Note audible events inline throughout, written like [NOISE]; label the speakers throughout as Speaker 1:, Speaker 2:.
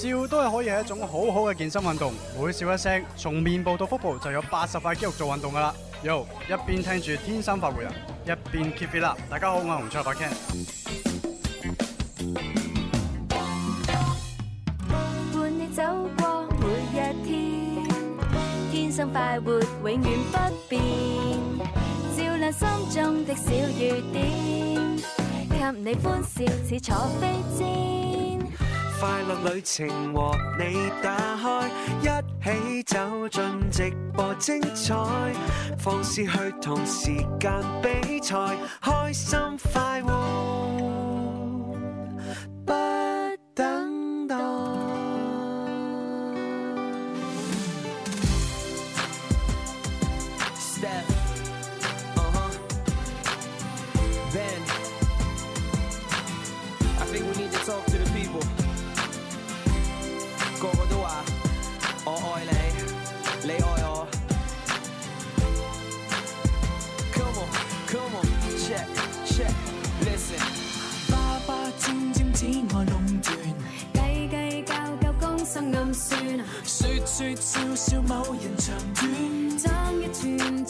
Speaker 1: 笑都係可以係一種好好嘅健身運動，每笑一聲，從面部到腹部就有八十塊肌肉做運動㗎喇。喲，一邊聽住天生快活人，一邊 keep it up。大家好，我係洪卓立 Ken。
Speaker 2: 伴你走過每一天，天
Speaker 3: 生快活永遠不變，照亮心中的小雨點，給你歡笑似坐飛箭。
Speaker 4: 快樂旅程和你打開，一起走進直播精彩，放肆去同時間比賽，開心快活。
Speaker 5: 說笑笑某人長短爭一寸。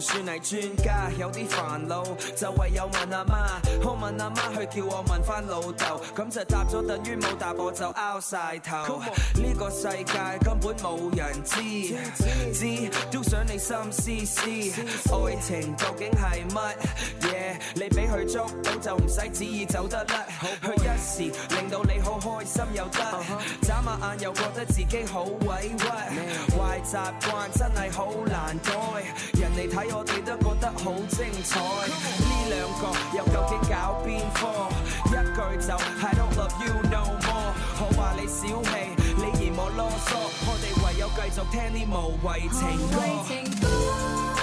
Speaker 5: 算係專家，有啲煩惱就唯有問阿媽，媽，好問阿媽，媽去叫我問翻老豆，咁就答咗，等於冇答，我就拗晒頭。呢 Come on. 個世界根本冇人知，yeah, yeah. 知都想你心思思。See, see. 愛情究竟係乜嘢？Yeah, 你俾佢捉到就唔使旨意走得甩，佢、oh, boy. 一時令到你好開心又得，眨下、uh huh. 眼又覺得自己好委屈。Man. 壞習慣真係好難改，人哋睇。我哋都覺得好精彩，呢兩個又究竟搞邊科？一句就 I don't love you no more，我話你小氣，你嫌我囉嗦，我哋唯有繼續聽啲無謂情歌。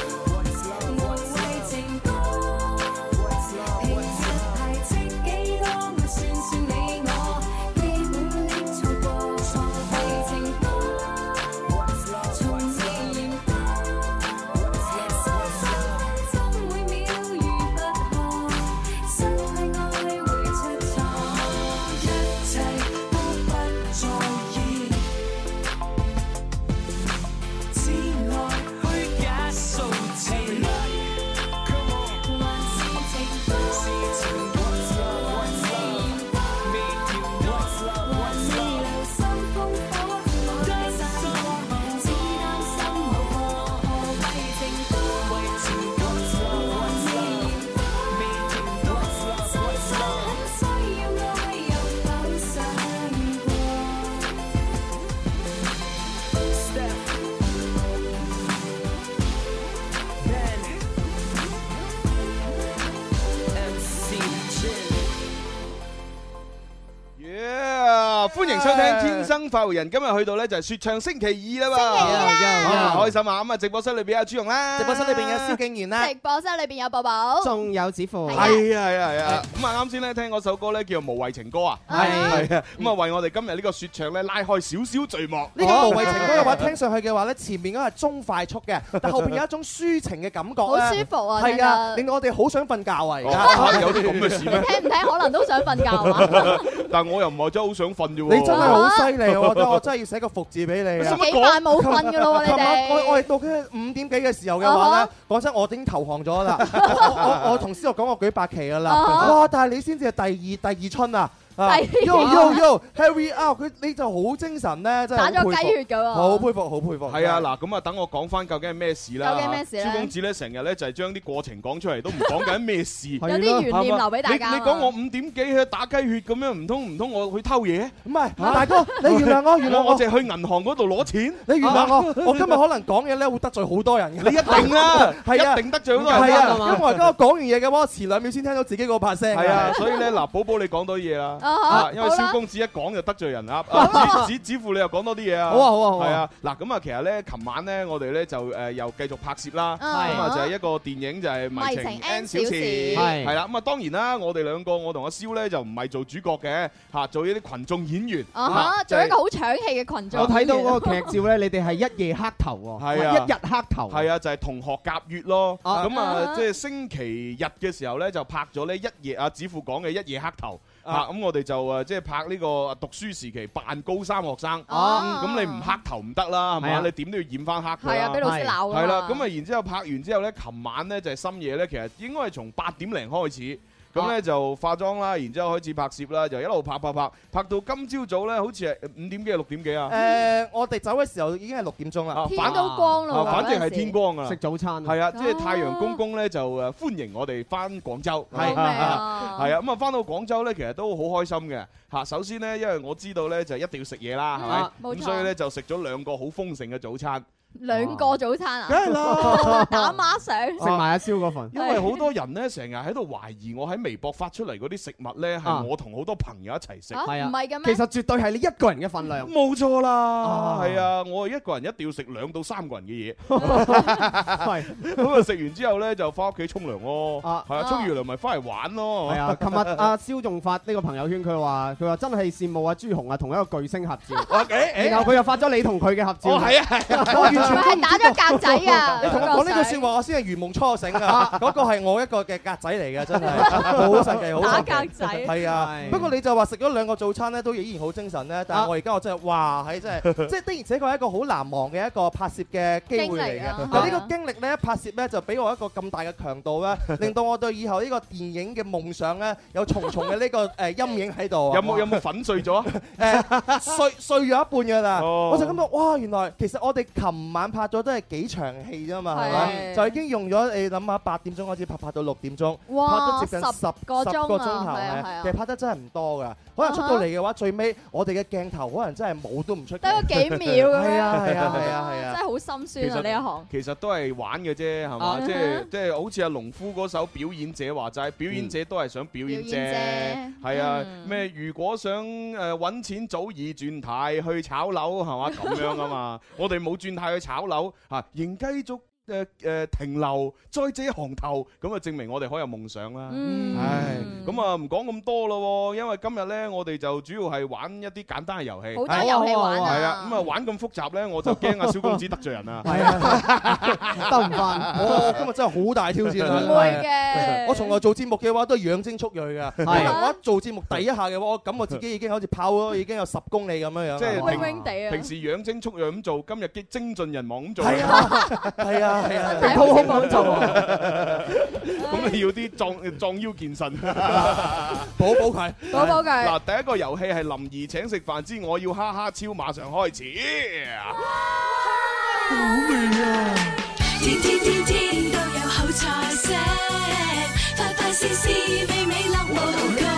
Speaker 6: 歡迎收聽《天生快活人》。今日去到咧就係說唱星期二啦，開心啊，咁啊，直播室裏邊有朱蓉啦，直
Speaker 7: 播室裏邊有蕭敬然啦，直播室裏邊有寶寶，仲有子富，係
Speaker 6: 啊係啊係啊。咁啊，啱先咧聽嗰首歌咧叫《無謂情歌》啊，係啊。咁啊，為我哋今日呢個說唱咧拉開少少序幕。呢個《無謂情歌》嘅話，聽
Speaker 7: 上去嘅話咧，前面嗰個係中快速嘅，但後邊有一種抒情嘅感覺，好舒服啊，係啊，令到我哋好想瞓
Speaker 3: 覺啊。而家，有啲咁嘅事，你聽唔聽可能都想瞓覺啊。
Speaker 6: 但係我又唔係真係好想瞓
Speaker 3: 啫。你真係好犀利喎！我
Speaker 6: 真係要寫個服字俾你。
Speaker 3: 幾大冇瞓噶啦！我
Speaker 7: 哋我我係到佢五點幾嘅時候嘅話呢，講真、uh，huh. 我已經投降咗啦！ [LAUGHS] 我我同思樂講我舉白旗噶啦。哇、uh huh. 啊！但係你先至係第二第二春啊！啊！Yo Yo Yo，Harry 啊佢你就好精神咧，真係打咗雞血噶喎！好佩服，好佩服！
Speaker 6: 係啊，嗱咁啊，等我講翻究竟係咩事啦？究竟咩事咧？孫公子咧，成日咧就係將啲過程講出嚟，都唔講緊咩事。有啲懸念留俾大家。你你講我五點幾喺度打雞血咁樣，唔通唔通我去偷嘢？唔係，大哥，你原諒我，原諒我，我淨係去銀行嗰度攞錢。你原諒我，我今日可
Speaker 7: 能講嘢咧會得罪好多人。你一定啦，係啊，一定得罪好多人。係啊，因為我講完嘢嘅話，遲兩秒先聽到自己嗰拍聲。係啊，所以咧
Speaker 6: 嗱，寶寶你講多啲嘢啦。
Speaker 2: 啊，因為蕭公
Speaker 6: 子一講就得罪人啦。子子父，你又講多啲嘢啊！好啊，好啊，好啊！係啊，嗱咁啊，其實咧，琴晚咧，我哋咧就誒又繼續拍攝啦。咁啊，就係一個電影，就係《迷情 N 小時》。係啦，咁啊，當然啦，我哋兩個，我同阿蕭咧就唔係做主角嘅嚇，做一啲群眾演員。啊，做一個好
Speaker 3: 搶戲嘅群眾。我睇到嗰個劇
Speaker 8: 照咧，你哋係一夜黑頭
Speaker 6: 喎，啊，一日黑頭。係啊，就係同學夾月咯。咁啊，即係星期日嘅時候咧，就拍咗呢一夜。阿子父講嘅一夜黑頭。啊，咁我哋就啊，即係拍呢個讀書時期扮高三學生，咁你唔黑頭唔得啦，係嘛，你點都要染翻黑頭，係啊，俾老師鬧啦，係啦，咁啊，然之後拍完之後咧，琴晚咧就係深夜咧，其實應該係從八點零開始。咁呢就化妝啦，然之後開始拍攝啦，就一路拍拍拍，拍到今朝早呢，好似係五點幾六點幾啊？誒、嗯呃，我哋走嘅時候已經係六點鐘啦、啊，反到光啦，啊、反正係天光噶啦，食早餐。係啊，即係太陽公公呢，就誒、啊啊、歡迎我哋翻廣州，係咩啊？咁啊翻、嗯、到廣州呢，其實都好開心嘅嚇。首先呢，因為我知道呢，就一定要食嘢啦，係咪？冇錯，咁所以呢，就食咗兩個好豐盛嘅早餐。
Speaker 3: 兩個早餐啊！梗係啦，打孖上食埋阿蕭嗰份，因為
Speaker 6: 好多人咧成日喺度懷疑我喺微博發出嚟嗰啲食物咧係我同好多朋友一齊食，係啊，唔係嘅咩？其實絕對係你一個人嘅份量，冇錯啦，係啊，我一個人一定要食兩到三個人嘅嘢，咁啊食完之後咧就翻屋企沖涼咯，係啊，沖完涼咪翻嚟玩咯，係啊，琴日阿
Speaker 8: 蕭仲發呢個朋友圈，佢話佢話真係羨慕阿朱紅啊同一個巨星合照，然後佢又發咗你同佢嘅合照，係啊係啊。咪係打咗
Speaker 3: 格仔啊！ [LAUGHS] 你同我講呢句
Speaker 7: 説話，我先係如夢初醒啊！嗰 [LAUGHS] 個係我一個嘅格仔嚟嘅，真係好神奇，好 [LAUGHS] 打格仔係 [LAUGHS] 啊！不過你就話食咗兩個早餐咧，都依然好精神咧。但係我而家我真係哇，係真係即係的而且確係一個好難忘嘅一個拍攝嘅機會嚟嘅。嗱呢個經歷咧，拍攝咧就俾我一個咁大嘅強度咧，令到我對以後呢個電影嘅夢想咧有重重嘅呢個誒陰影喺度。 [LAUGHS] 有冇有冇粉碎咗？誒 [LAUGHS] 碎碎咗一半㗎啦！我就咁講，哇！原來其實我哋琴晚拍咗都係幾場戲啫嘛，係咪？就已經用咗你諗下，八點鐘開始拍，拍到六點鐘，哇，到接近十十個鐘頭咧，其實拍得真係唔多噶。可能出到嚟嘅話，最尾我哋嘅鏡頭可能真係冇都唔出，得個幾秒咁樣。係啊係啊係啊係啊！真係
Speaker 3: 好心酸啊！呢一行，
Speaker 6: 其實都係玩嘅啫，係嘛？即係即係好似阿農夫嗰首《表演者》話齋，《表演者》都係想表演啫。係啊，咩？如果想誒揾錢，早已轉態去炒樓係嘛？咁樣啊嘛，我哋冇轉態炒樓啊，仍繼續。誒誒，停留再借一行頭，咁啊證明我哋可有夢想啦。唉，咁啊唔講咁多咯，因為今日咧我哋就主要係玩一啲簡單嘅遊戲。好睇遊戲玩啊！係啊，咁啊玩咁複雜咧，我就驚阿蕭公子得罪人啦。
Speaker 7: 係啊，得唔得？我今日真係好大挑戰。唔會嘅，我從來做節目嘅話都係養精蓄銳嘅。係，我一
Speaker 6: 做節目第一下嘅話，我感覺自己已經好似跑咗已經有十公里咁樣樣。即係。平平地啊。平時養精蓄銳咁做，今日激精盡人亡咁做。係啊，係啊。
Speaker 2: 係啊，好好穩做啊！咁
Speaker 6: 你要啲壯壯腰健身，補補鈣，補補鈣。嗱 [LAUGHS] 是，第一個遊戲係林兒請食飯之我要哈哈超，馬上開始。
Speaker 2: 哇
Speaker 5: [LAUGHS] 好味啊！天天天天都有好菜色
Speaker 2: 快快美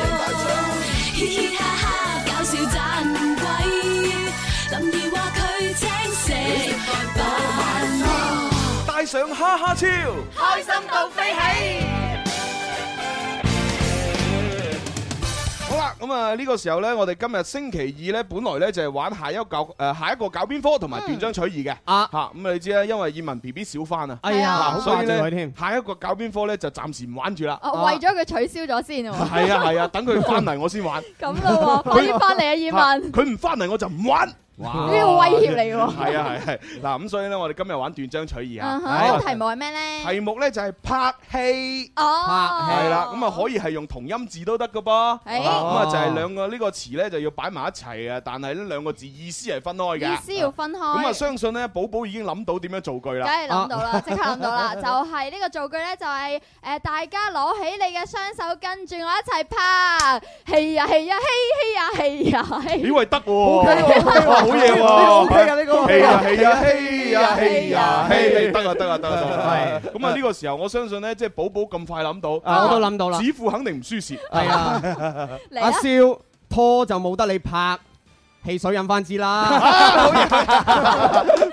Speaker 5: 上哈哈超，開心
Speaker 6: 到飛起。好啦，咁啊呢個時候咧，我哋今日星期二咧，本來咧就係玩下一個誒下一個搞邊科同埋斷章取義嘅，啊吓，咁啊你知咧，因為葉文 B B 少翻，啊，哎呀，好掛住佢添。下一個搞邊科咧就暫時唔玩住啦，為
Speaker 3: 咗佢取消咗先。係啊係
Speaker 6: 啊，等佢翻嚟，我先玩。
Speaker 3: 咁咯，可以翻嚟啊，葉文。
Speaker 6: 佢唔翻嚟我就唔玩。呢個威脅你喎！係啊，係係，嗱咁，所以咧我哋今日玩斷章取義啊！題
Speaker 3: 目係咩咧？題目咧就係拍戲哦，係啦，咁啊
Speaker 6: 可以係用同音字都得嘅噃。咁啊就係兩個呢個詞咧就要擺埋一齊啊。但係呢兩個字意思係分開嘅。意思要
Speaker 3: 分開。咁啊相
Speaker 6: 信咧，寶寶已經諗到點樣造句啦。梗係諗到啦，即刻
Speaker 3: 諗到啦，就係呢個造句咧，就係誒大家攞起你嘅雙手跟住我一齊拍戲啊戲啊嘿嘿啊戲啊戲啊！你以
Speaker 6: 為得喎？好嘢喎！OK 啊，呢個係啊，係啊，係啊，係啊，係得啊，得啊，得啊，係。咁啊，呢個時候我相信咧，即係寶寶咁快諗到、 [LAUGHS] 啊，我都諗到啦。子婦肯定唔輸蝕。
Speaker 8: 係 [LAUGHS] [LAUGHS] 啊，阿蕭拖就冇得你拍。 [LAUGHS] 吧汽水飲翻支啦，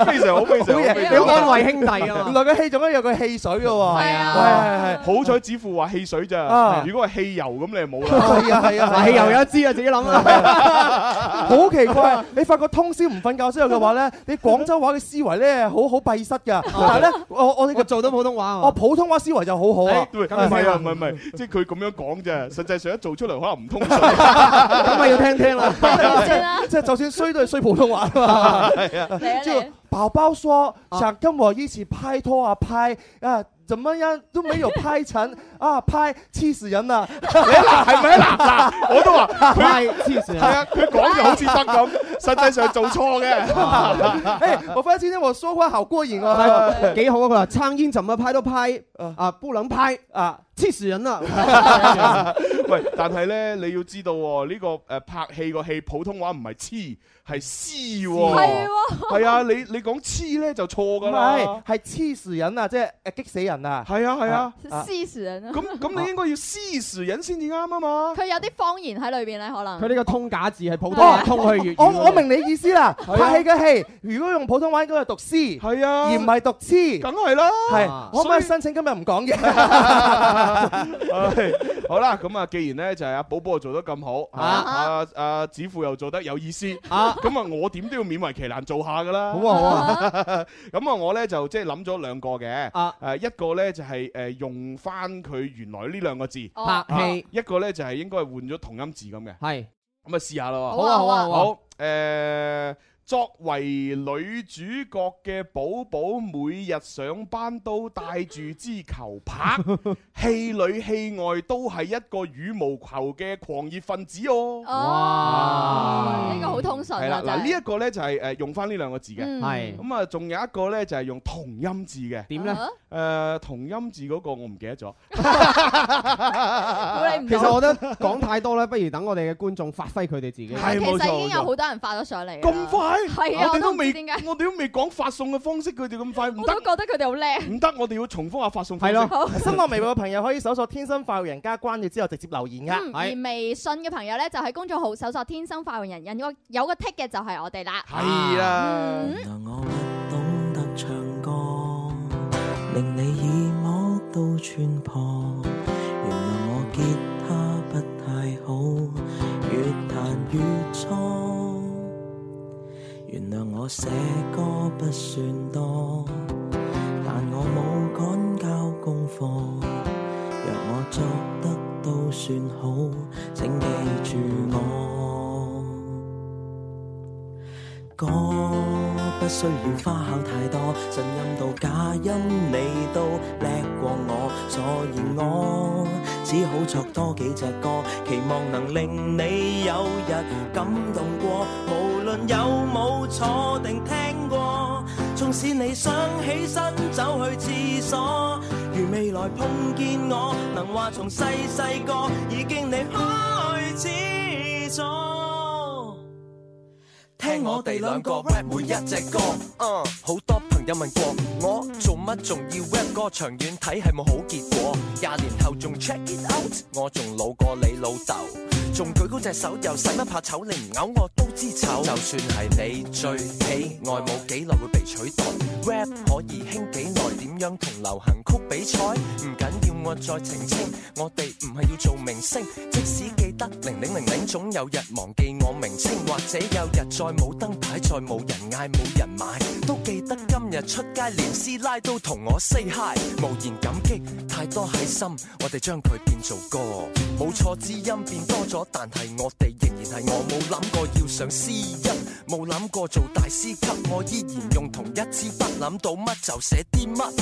Speaker 2: 非常好，非常好嘢，你安慰兄弟啊，原
Speaker 6: 來個汽做咩有個汽水嘅喎？係啊，好彩只副話汽水咋，如果係汽油咁你冇啦。係啊係啊，汽油有一支啊，自己諗啦。好奇怪
Speaker 7: 啊，你發覺通宵唔瞓覺之後嘅話咧，你廣州話嘅思維咧好好閉塞㗎。但係咧，我我哋做到普通話，我普通話思維就好好。唔係唔係唔
Speaker 6: 係，即係佢咁樣講啫，實際上一做出嚟可能唔通順，咁
Speaker 7: 咪要聽聽啦，
Speaker 6: 就算衰都係衰普通話
Speaker 7: 嘛、 [LAUGHS] 啊，就寶寶說想跟我一起拍拖啊拍啊，怎麼樣都沒有拍成啊拍黐線人啊，你嗱係咪嗱
Speaker 2: 嗱我都話佢黐線人。係
Speaker 7: 啊，佢講就好似得咁，實際上做錯嘅。誒、 [LAUGHS] 啊欸，我發現今天我說話好過癮啊，
Speaker 6: 啊啊幾
Speaker 8: 好啊個蒼蠅怎麼拍都拍啊不能拍啊。黐樹人啊！
Speaker 6: 喂，但係咧，你要知道喎，呢個誒拍戲個戲，普通話唔係黐，係詩喎。係喎。係啊，你你講黐咧就錯噶啦。唔係，係黐樹人啊，即係誒激死人啊！係啊，係
Speaker 7: 啊。黐
Speaker 3: 樹人。咁咁，你應該要詩樹人先至啱啊嘛。佢有啲方言喺裏邊咧，可能。佢
Speaker 7: 呢個通假字係普通話通虛語。我我明你意思啦。拍戲嘅戲，如果用普通話應該係讀詩，係啊，而唔係讀黐，梗係啦。係。可唔可以申請今日唔講嘢？
Speaker 6: [LAUGHS] 哎、好啦，咁啊，既然呢，就係阿寶寶又做得咁好，阿啊，子富又做得有意思，咁啊， [LAUGHS] 我點都要勉為其難做下噶啦，好啊好啊，咁啊， [LAUGHS] 我呢，啊、就即係諗咗兩個嘅，誒戲、啊，一個呢，就係誒用翻佢原來呢兩個字拍戲，一個呢，就係應該係換咗同音字咁嘅，係是，咁啊試下咯，好啊好啊，好啊，誒、啊。作為女主角嘅寶寶，每日上班都帶住支球拍，戲 [LAUGHS] 裏戲外都係一個羽毛球嘅狂熱分子哦。哇，呢個好通順。係啦，嗱呢一個呢，就係誒用翻呢兩個字嘅，係咁啊，仲、嗯、有一個呢，就係用同音字嘅，點呢？誒、啊呃，同音字嗰個我唔記得咗。
Speaker 2: [LAUGHS] [LAUGHS] 其實我覺得講
Speaker 8: 太多呢，不如等我哋嘅觀眾發揮佢哋自己。係， [LAUGHS] 其實已經
Speaker 7: 有好
Speaker 3: 多人發咗上嚟。咁快？係啊，我哋都
Speaker 6: 未點解？我哋都未講發送嘅方式，佢哋咁
Speaker 7: 快，我
Speaker 3: 都覺得佢哋好叻。唔
Speaker 7: 得，我哋要重複下發送方式。係咯好，新浪微博嘅朋友可以搜索“天生快活人”，關注之後直接留言㗎、嗯。而
Speaker 3: 微信嘅朋友咧，就喺公眾號搜索“天生快活人”，有個有個 tick 嘅就係我哋啦。
Speaker 5: 係啦。我寫歌不算多，但我冇趕交功課，若我作得都算好，請記住我，哥不需要花巧太多，真音度假音你都叻過我，所以我只好作多幾隻歌，期望能令你有日感動過。無論有冇坐定聽過，縱使你想
Speaker 4: 起身走去廁所，如未來碰見我，能話從細細個已經離開始咗。聽我哋兩個 rap 每一隻歌，嗯，好多朋友問過我做乜仲要 rap 歌長遠睇係冇好結果，廿年後仲 check it out，我仲老過你老豆，仲舉高隻手又使乜怕醜，你唔嘔我都知醜，就算係你最喜愛冇幾耐會被取代，rap 可以興幾耐點？點樣同流行曲比賽？唔緊要，我再澄清，我哋唔係要做明星。即使記得零零零零，總有日忘記我名稱，或者有日再冇燈牌，再冇人嗌，冇人買，都記得今日出街連師奶都同我 say hi。無言感激太多喺心，我哋將佢變做歌。冇錯，知音變多咗，但係我哋仍然係我，冇諗過要上 C 一，冇諗過做大師級，我依然用同一支筆，諗到乜就寫啲乜。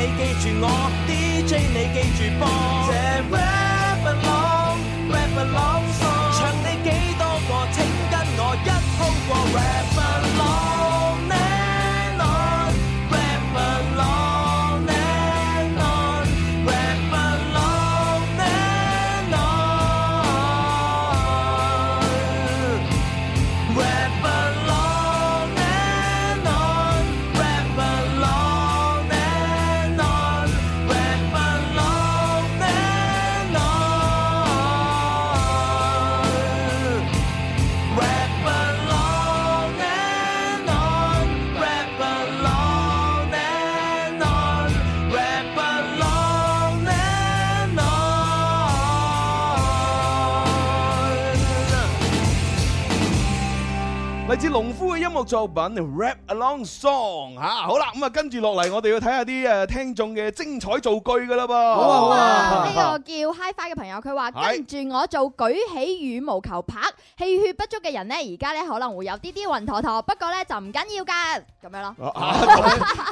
Speaker 5: 你記住我，DJ，你記住播。
Speaker 6: 作品 rap along song 吓，好啦，咁啊跟住落嚟，我哋要睇下啲誒聽眾嘅精彩造句
Speaker 5: 噶啦噃。好啊，好啊，呢個
Speaker 3: 叫 High Five 嘅朋友，佢話跟住我做舉起羽毛球拍，氣血不足嘅人咧，而家咧可能會有啲啲暈陀陀，不過咧就唔緊要噶，咁樣咯。啊，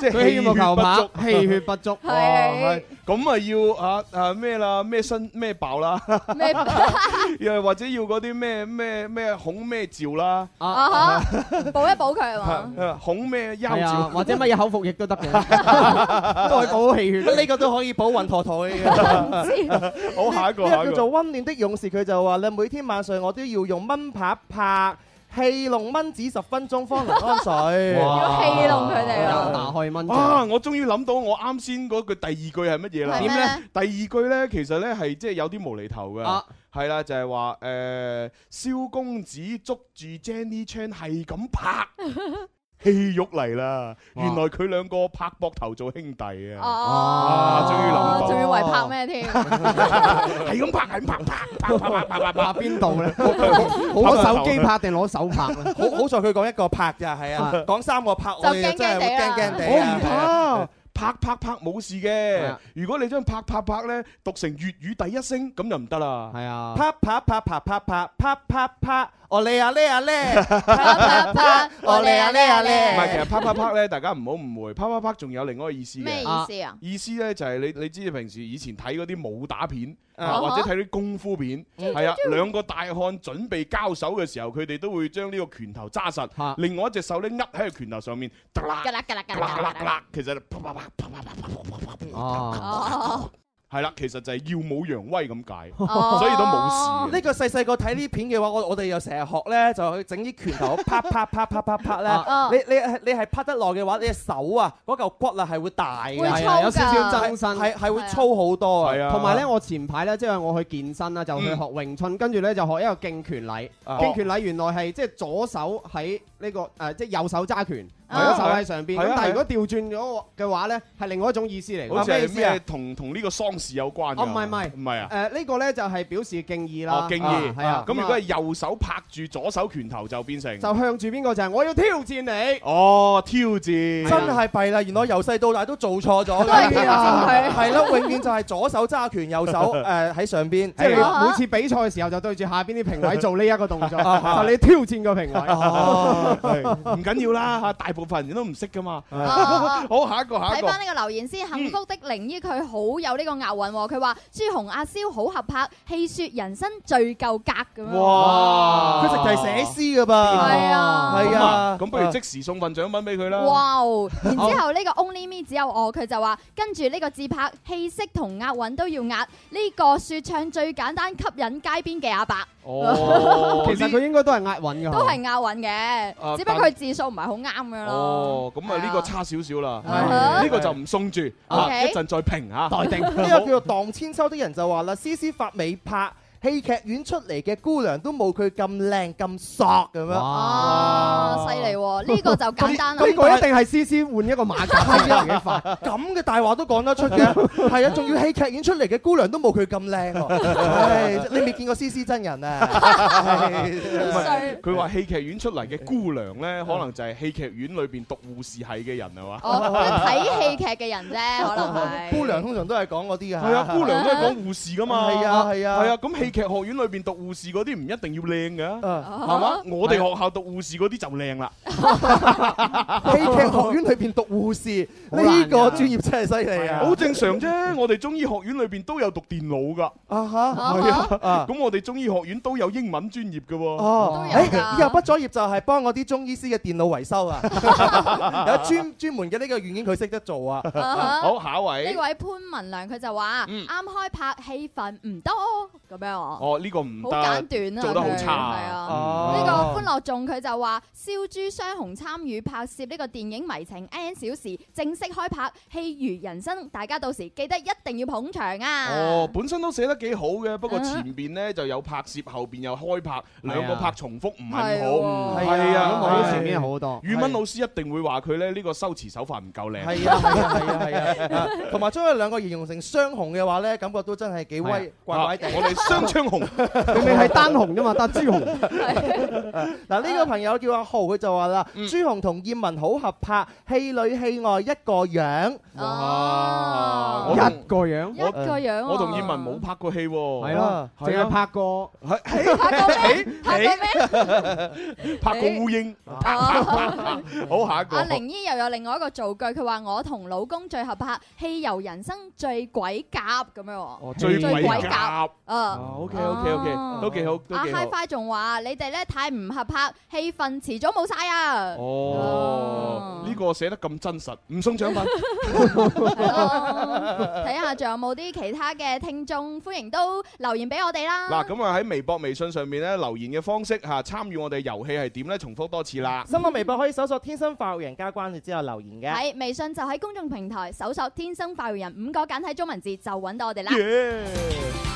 Speaker 6: 即係羽毛球拍，氣血不足，係咁啊要啊啊咩啦咩新咩爆啦，又或者要嗰啲咩咩咩孔咩照啦，
Speaker 3: 補一。補佢
Speaker 6: 係嘛？恐咩？憂、啊、或者乜嘢口服液都得嘅，都可以補氣 [LAUGHS] 血。呢 [LAUGHS] 個都可以補
Speaker 7: 運陀陀嘅。唔 [LAUGHS] [LAUGHS] 知。好 [LAUGHS] 下一個，下一個叫做溫暖的勇士，佢就話你每天晚上我都要用蚊拍拍戲弄蚊子十分鐘，方能安睡。 [LAUGHS] 哇要
Speaker 6: 戲弄佢哋啊！打開蚊帳。啊！我終於諗到我啱先嗰句第二句係乜嘢啦？點咧嗎？第二句咧，其實咧係即係有啲無厘頭嘅。啊係啦，就係話誒，蕭公子捉住 Jenny Chan 係咁拍戲肉嚟啦！來哇原來佢兩個拍膊頭做兄弟啊！哦、啊，終於諗到，仲以為
Speaker 2: 拍咩添？係咁
Speaker 6: 拍，係咁拍，拍拍拍拍拍拍拍邊度咧？
Speaker 7: 攞手機拍定攞手拍啊？ [LAUGHS] 好好在佢講一個拍咋，係啊，講三個拍 [LAUGHS] 我真係驚驚地我唔拍。
Speaker 6: [LAUGHS] 拍拍拍冇事嘅，如果你將拍拍拍呢讀成粵語第一聲，咁就唔得啦。係啊，拍拍拍拍拍拍拍拍拍。哦咧啊咧啊咧，
Speaker 2: 啪 [MUSIC] 啪啪！哦咧啊咧啊咧，唔係， [LAUGHS] 其
Speaker 6: 實啪啪啪咧，大家唔好誤會，啪啪啪仲有另外一個意思嘅。咩意思啊？意思咧就係、是、你你知道，平時以前睇嗰啲武打片，啊、或者睇啲功夫片，係、哦、哈啊，兩個大漢準備交手嘅時候，佢哋都會將呢個拳頭揸實，啊、另外一隻手咧握喺個拳頭上面，格
Speaker 7: 啦格
Speaker 3: 啦格啦格啦格啦，
Speaker 6: 其實啪啪啪啪啪啪啪
Speaker 2: 啪啪啪哦。喊
Speaker 6: 係啦，其實就係耀武揚威咁解，oh. 所以都冇事。
Speaker 7: 呢個細細個睇呢片嘅話， [LAUGHS] 我我哋又成日學咧，就去整啲拳頭，啪啪啪啪啪啪咧、 [LAUGHS] 啊。你你係你係拍得耐嘅話，你隻手啊嗰嚿骨啊係會大嘅，有少少增身，係係會
Speaker 8: 粗好多嘅。同埋咧，我前排咧即係我去健身啦，就去學詠春，嗯、跟住咧就學一個敬拳禮。敬、oh. 拳禮原來係即係左手喺呢、呢個誒，即、呃、係、就係、右手揸拳。係手喺上邊，咁但係如果調轉咗嘅話咧，係另外一種意思嚟。好似咩
Speaker 6: 同同呢個喪事有關？哦，唔係唔係唔係啊！誒，
Speaker 8: 呢個咧就係表示敬意啦。哦，敬意係啊。咁如果係
Speaker 6: 右手拍住左手拳頭，就變成就
Speaker 7: 向住邊個，就係我要挑戰你。哦，挑戰真係弊啦！原來由細到大都做錯咗。係啊，係係咯，永遠就係左手揸拳，右手誒喺上邊，即係你每次比賽嘅時候就對住下邊啲評委做呢一個動作，
Speaker 6: 係你挑戰個評委。唔緊要啦吓，大。部分人都唔識噶嘛。好，下一個，下一個。睇翻呢個
Speaker 3: 留言先，幸福的靈衣佢好有呢個押韻，佢話朱紅阿蕭好合拍，戲説人生最夠格咁樣。哇！
Speaker 6: 佢直係寫詩噶噃。係啊，係啊。咁不如即時送份獎品俾
Speaker 2: 佢啦。哇！然之後呢
Speaker 3: 個 Only Me 只有我，佢就話跟住呢個自拍氣息同押韻都要押，呢個説唱最簡單吸引街邊嘅阿伯。
Speaker 2: 哦，其
Speaker 8: 實佢應該都係押韻㗎。
Speaker 3: 都係押韻嘅，只不過佢字數唔係好啱咁
Speaker 6: 哦，咁啊呢個差少少啦，呢個就唔送住，啊一陣再評嚇，待定。呢
Speaker 7: 個叫做蕩千秋的人就話啦：，詩詩發尾拍。戲劇院出嚟嘅姑娘都冇佢咁靚咁索咁樣，哦，
Speaker 3: 犀利，呢個就簡單啦。呢個
Speaker 7: 一定係詩詩換一個馬甲嚟嘅快，咁嘅大話都講得出嘅，係啊，仲要戲劇院出嚟嘅姑娘都冇佢咁靚，唉，你未見過詩詩真人啊？
Speaker 2: 佢
Speaker 6: 話戲劇院出嚟嘅姑娘咧，可能就係戲劇院裏邊讀護士係嘅人係嘛？睇戲劇
Speaker 3: 嘅人啫，可能係。姑
Speaker 6: 娘通常都係講嗰啲啊，係啊，姑娘都係講護士噶嘛，係啊，係啊，係啊，咁戲。劇學院裏邊讀護士嗰啲唔一定要靚噶，係嘛、uh huh.？我哋學校讀護士嗰啲就靚啦。
Speaker 7: 戲劇 [LAUGHS] 學院
Speaker 6: 裏邊讀護士呢個專業真係犀利啊！好正常啫， [LAUGHS] 我哋中醫學院裏邊都有讀電腦噶。啊哈、uh，係、huh. uh huh. 啊，咁我哋中醫學院都有英文專業噶。哦，
Speaker 2: 哎，以後
Speaker 6: 畢咗業就係幫我啲中醫師嘅電腦維修啊，uh huh.
Speaker 7: [LAUGHS] 有專專門嘅呢個軟件佢識得做啊。 [LAUGHS] uh huh. 好，下一位。呢
Speaker 3: 位潘文良，佢就話，啱開拍戲份唔多咁樣。哦，
Speaker 6: 呢個唔
Speaker 7: 得，好簡短啊，做得好
Speaker 3: 差，係啊。呢個歡樂眾佢就話：燒豬雙雄參與拍攝呢個電影《迷情 N 小時》，正式開拍，戲如人生，大家到時記得一定要捧場啊！哦，
Speaker 6: 本身都寫得幾好嘅，不過前邊呢就有拍攝，後邊又開拍，兩個拍重複唔係好，係啊，前邊好多。語文老師一定會話佢咧，呢個修辭手法唔夠靚，係啊係啊係啊，同埋將佢兩個形容成雙
Speaker 7: 雄嘅話咧，感覺都真係幾威，怪怪地。我哋雙張紅，
Speaker 6: 明明係單紅啫嘛，
Speaker 7: 但係朱紅。嗱，呢個朋友叫阿浩，佢就話啦，朱紅同葉文好合拍，戲裏戲外一個樣。哦，一個樣，一個樣。我同葉
Speaker 6: 文冇拍過戲。係咯，淨係拍過。拍過咩？
Speaker 3: 拍過咩？
Speaker 6: 拍過烏蠅。好，下一個。阿玲
Speaker 3: 姨又有另外一個造句，佢話，我同老公最合拍，戲遊人生最鬼夾咁樣。哦，最鬼夾。嗯。O K O K O K，都幾好，阿 h i Five 仲話你哋咧，太唔合拍，氣氛遲早冇晒啊！
Speaker 6: 哦，呢個寫得咁真實，唔送獎品。
Speaker 3: 睇下仲有冇啲其他嘅聽眾，歡迎都留言俾我哋啦。嗱，
Speaker 6: 咁啊喺微博、微信上面咧，留言嘅方式嚇參與我哋遊戲係點咧？重複多次啦。新浪微博可以搜索「天生快活人」加關注之後留言
Speaker 7: 嘅。喺
Speaker 3: 微信就喺公眾平台搜索「天生快活人」五個簡體中文字就揾到我哋啦。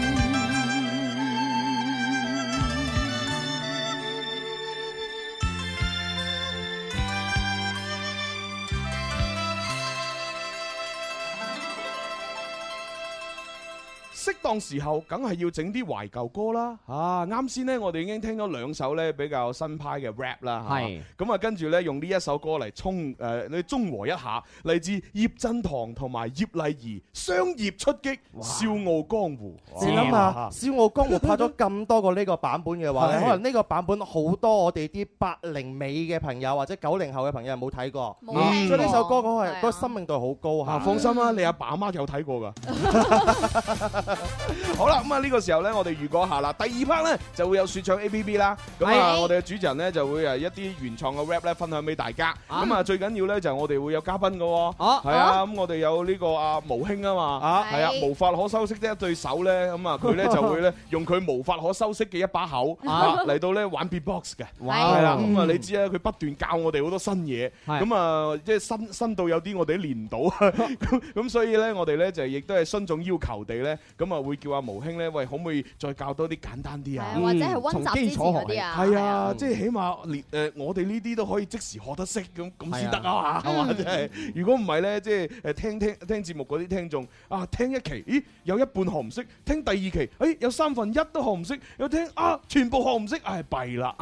Speaker 6: 當時候梗係要整啲懷舊歌啦，啊，啱先呢，我哋已經聽咗兩首呢比較新派嘅 rap 啦，係是，咁啊跟住呢，用呢一首歌嚟充誒你中和一下，嚟自葉振棠同埋葉麗儀商業出擊《笑傲哇江
Speaker 2: 湖》哇。你諗下，
Speaker 7: 笑傲、嗯、江湖》拍咗咁多個呢個版本嘅話， [LAUGHS] 你可能呢個版本好多我哋啲八零尾嘅朋友或者九零後嘅朋友冇睇過，過嗯、所以呢首歌講
Speaker 6: 係個,、那個生命度好高吓、嗯啊，放心啦、啊， [LAUGHS] 你阿爸阿媽有睇過噶。 [LAUGHS] [LAUGHS] 好啦，咁啊呢個時候咧，我哋預告下啦。第二 part 咧就會有說唱 A P P 啦。咁啊，我哋嘅主持人咧就會誒一啲原創嘅 rap 咧分享俾大家。咁啊，最緊要咧就係我哋會有嘉賓嘅。好係啊，咁我哋有呢個阿毛兄啊嘛。啊係啊，無法可修飾的一對手咧，咁啊佢咧就會咧用佢無法可修飾嘅一把口嚟到咧玩 Beatbox 嘅。哇係啦，咁啊你知啊，佢不斷教我哋好多新嘢。咁啊即係新新到有啲我哋連唔到。咁咁所以咧我哋咧就亦都係尊重要求地咧咁啊。會叫阿毛兄咧，喂，可唔可以再教多啲簡單啲啊？或者係溫習基礎嗰啲啊？係啊，即係起碼連誒，我哋呢啲都可以即時學得識咁，咁先得啊嘛，係嘛？即係如果唔係咧，即係誒聽聽聽節目嗰啲聽眾啊，聽一期，咦，有一半學唔識；聽第二期，誒，有三分一都學唔識；有聽啊，全部學唔識，係弊啦，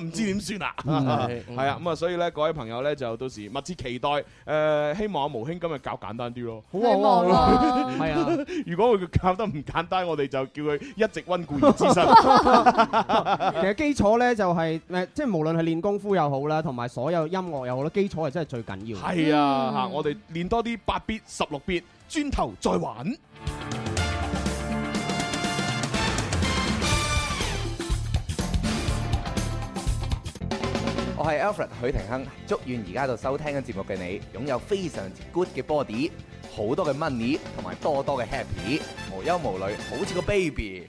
Speaker 6: 唔知點算啊？係啊，咁啊，所以咧，各位朋友咧，就到時密切期待誒，希望阿毛兄今日教簡單啲咯。好啊，係啊，如果搞得唔簡單，我哋就叫佢一直溫故而自身。 [LAUGHS] [LAUGHS] 其實基礎呢，
Speaker 8: 就係、是、誒，即係無論係練功夫又好啦，同埋所有音樂又好，啦，基礎係真係最緊要。係啊，嚇、
Speaker 6: 嗯！我哋練多啲八 beat、十六 beat，轉頭再玩。
Speaker 8: [MUSIC] 我係 Alfred 許廷鏗，祝願而家喺度收聽緊節目嘅你，擁有非常之 good 嘅 body。好多嘅 money 同埋多多嘅 happy，無
Speaker 6: 憂無慮，好似個 baby。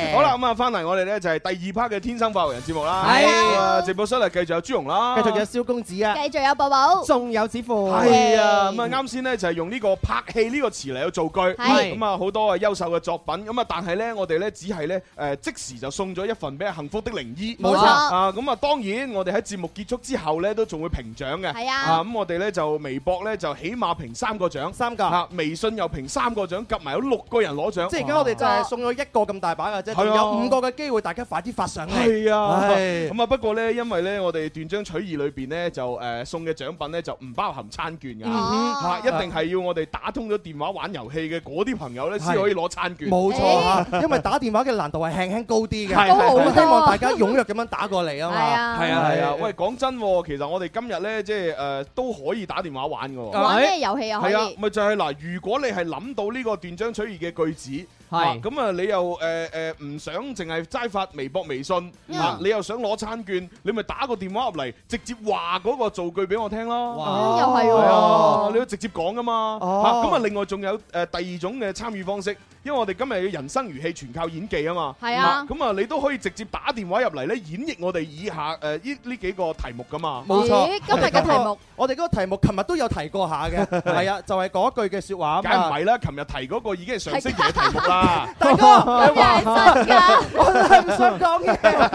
Speaker 6: 好啦，咁啊，翻嚟我哋咧就係、是、第二 part 嘅天生快活人節目啦。係啊，直播室嚟繼續有朱融啦，繼續有
Speaker 7: 蕭公子啊，繼續有寶
Speaker 8: 寶，仲有子富。係啊，咁啊、嗯，
Speaker 6: 啱先咧就係、是、用呢個拍戲呢個詞嚟去造句。係是，咁啊、嗯，好多啊優秀嘅作品。咁啊，但係咧我哋咧只係咧誒即時就送咗一份俾幸福的靈醫。冇錯錯啊，咁啊，當然我哋喺節目結束之後咧都仲會評獎嘅。係啊，咁、啊、我哋咧就微博咧就起碼評三個獎，三個。吓、啊，微信又評三個獎，夾埋有六個人攞獎。即係而家我哋就係
Speaker 7: 送咗一個咁大把嘅啫。有五個嘅機會，大家快啲發
Speaker 6: 上嚟。係啊，咁啊不過呢，因為呢，我哋斷章取義裏邊呢，就誒送嘅獎品呢，就唔包含餐券㗎，嚇，一定係要我哋打通咗電話玩遊戲嘅嗰啲朋友呢，先可以攞餐券。冇錯啊，因為
Speaker 7: 打電話嘅難度係輕輕高啲嘅，咁我希
Speaker 6: 望大家踴躍咁樣打過嚟啊嘛。係啊，係啊，喂，講真，其實我哋今日呢，即係誒都可以打電話玩㗎。玩咩遊戲啊？可以。係啊，咪就係嗱，如果你係諗到呢個斷章取義嘅句子。咁是啊，你又誒誒唔想淨係齋發微博微信，嚇、嗯啊、你又想攞餐券，你咪打個電話入嚟，直接話嗰個造句俾我聽咯。哇！啊、又係、哦啊、你要直接講噶嘛。嚇、啊，咁啊，另外仲有誒、呃、第二種嘅參與方式。因為我哋今日嘅人生如戲，全靠演技啊嘛。係啊，咁啊，你都可以直接打電話入嚟咧，演繹我哋以下誒呢呢幾個題目噶嘛。冇錯，今日嘅題目，
Speaker 7: 我哋嗰個題目，琴日都有提過下嘅。係啊，
Speaker 6: 就係句嘅說話啊嘛。梗唔係啦，琴日提嗰個已經係
Speaker 7: 上星期嘅題目啦。大哥，你話真噶？我真係唔想講嘢，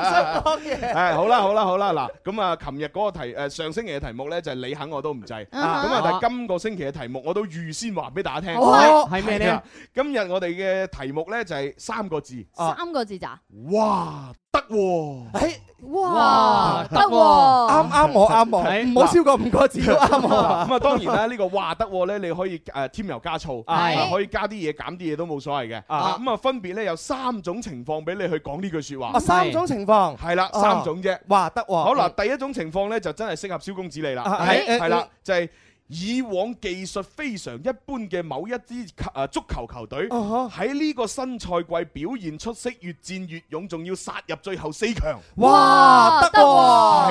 Speaker 2: 唔想
Speaker 6: 講嘢。誒，好啦，好啦，好啦，嗱，咁啊，琴日嗰個題，誒上星期嘅題目咧，就係你肯我都唔制。咁啊，但係今個星期嘅題目，我都預先話俾大家聽。係咩咧？咁。今日我哋嘅題目呢就係三個字，三個字咋？哇，
Speaker 2: 得喎！哎，哇，得喎！啱啱我啱喎，唔好
Speaker 6: 超過五個字都啱喎。咁啊，當然咧呢個哇得咧，你可以誒添油加醋，可以加啲嘢減啲嘢都冇所謂嘅。咁啊，分別呢，有三種情況俾你去講呢句說話。三種情況係啦，三種啫。哇，得喎。好嗱，第一種情況呢就真係適合蕭公子你啦，係啦，就係。以往技術非常一般嘅某一支啊足球球隊，喺呢個新賽季表現出色，越戰越勇，仲要殺入最後四強。哇，得喎！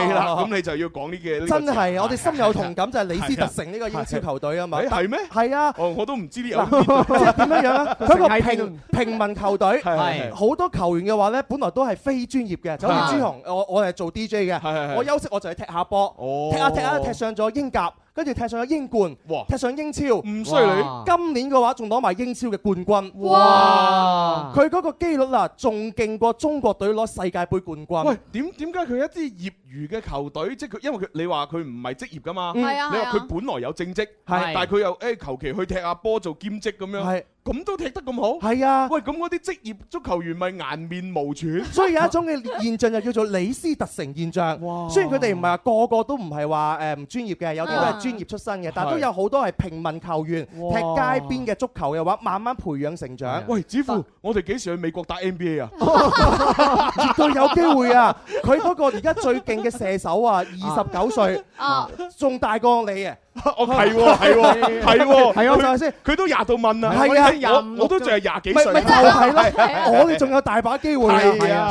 Speaker 6: 係啦，咁你就要講呢啲嘢。真係，我
Speaker 7: 哋心有同感，就係李斯特城呢個英超球隊啊嘛。係咩？係啊！我都唔知呢有啲點樣樣啊。佢個平平民球隊，係好多球員嘅話呢，本來都係非專業嘅。就好似朱紅，我我係做 DJ 嘅，我休息我就去踢下波，踢下踢下，踢上咗英甲。跟住踢上咗英冠，踢上英超，唔衰你。今年嘅話仲攞埋英超嘅冠軍，哇！佢嗰個機率啊，仲勁過中國隊攞世界杯冠軍。喂，
Speaker 6: 點點解佢一支業餘嘅球隊，即佢因為佢你話佢唔係職業㗎嘛？係啊，你話佢本來有正職，係，但係佢又誒求其去踢下波做兼職咁樣，係，咁都踢得咁好？係啊。喂，咁嗰啲職業足球員咪顏面無存？所以有一
Speaker 7: 種嘅現象就叫做李斯特城現象。哇！雖然佢哋唔係個個都唔係話誒唔專業嘅，有啲都係專業出身嘅，但係都有好多係平民球員踢街邊嘅足球嘅話，慢慢培養成長。喂，至乎，我哋幾時去美國打 NBA 啊？絕對有機會啊！佢不過而家最勁。嘅射手啊，二十九歲，
Speaker 2: 啊，
Speaker 7: 仲大過你啊。係喎，係喎，係喎，係啊！係咪先？佢都廿到問啊，係啊！我都淨
Speaker 6: 係廿幾歲。咪，咪
Speaker 7: 係咯！我哋仲有大把機會，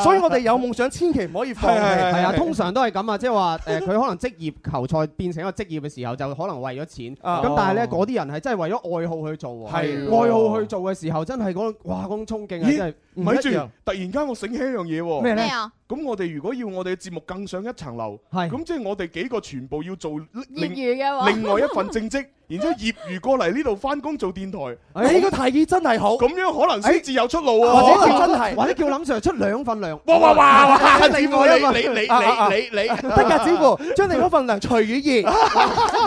Speaker 7: 所以我哋
Speaker 8: 有夢想，千祈唔可以放棄。係啊，通常都係咁啊，即係話誒，佢可能職業球賽變成一個職業嘅時候，就可能為咗錢。咁但係咧，嗰啲人係真係為咗愛好去做。係愛好去
Speaker 6: 做嘅時候，真係嗰種哇，嗰種衝勁係真係唔一樣。突然間我醒起一樣嘢喎，咩咧？咁我哋如果要我哋嘅節目更上一層樓，咁即係我哋幾個全部要做。粵嘢
Speaker 2: 嘅話。一份
Speaker 6: 正職。然之後業餘過嚟呢度翻工做電台，你個提議真係好，咁樣可能先至有出路喎。或者真係，或者叫林 Sir 出兩份糧。
Speaker 2: 哇哇哇哇！你你你你你你得㗎，姐夫將你嗰
Speaker 7: 份糧除以二，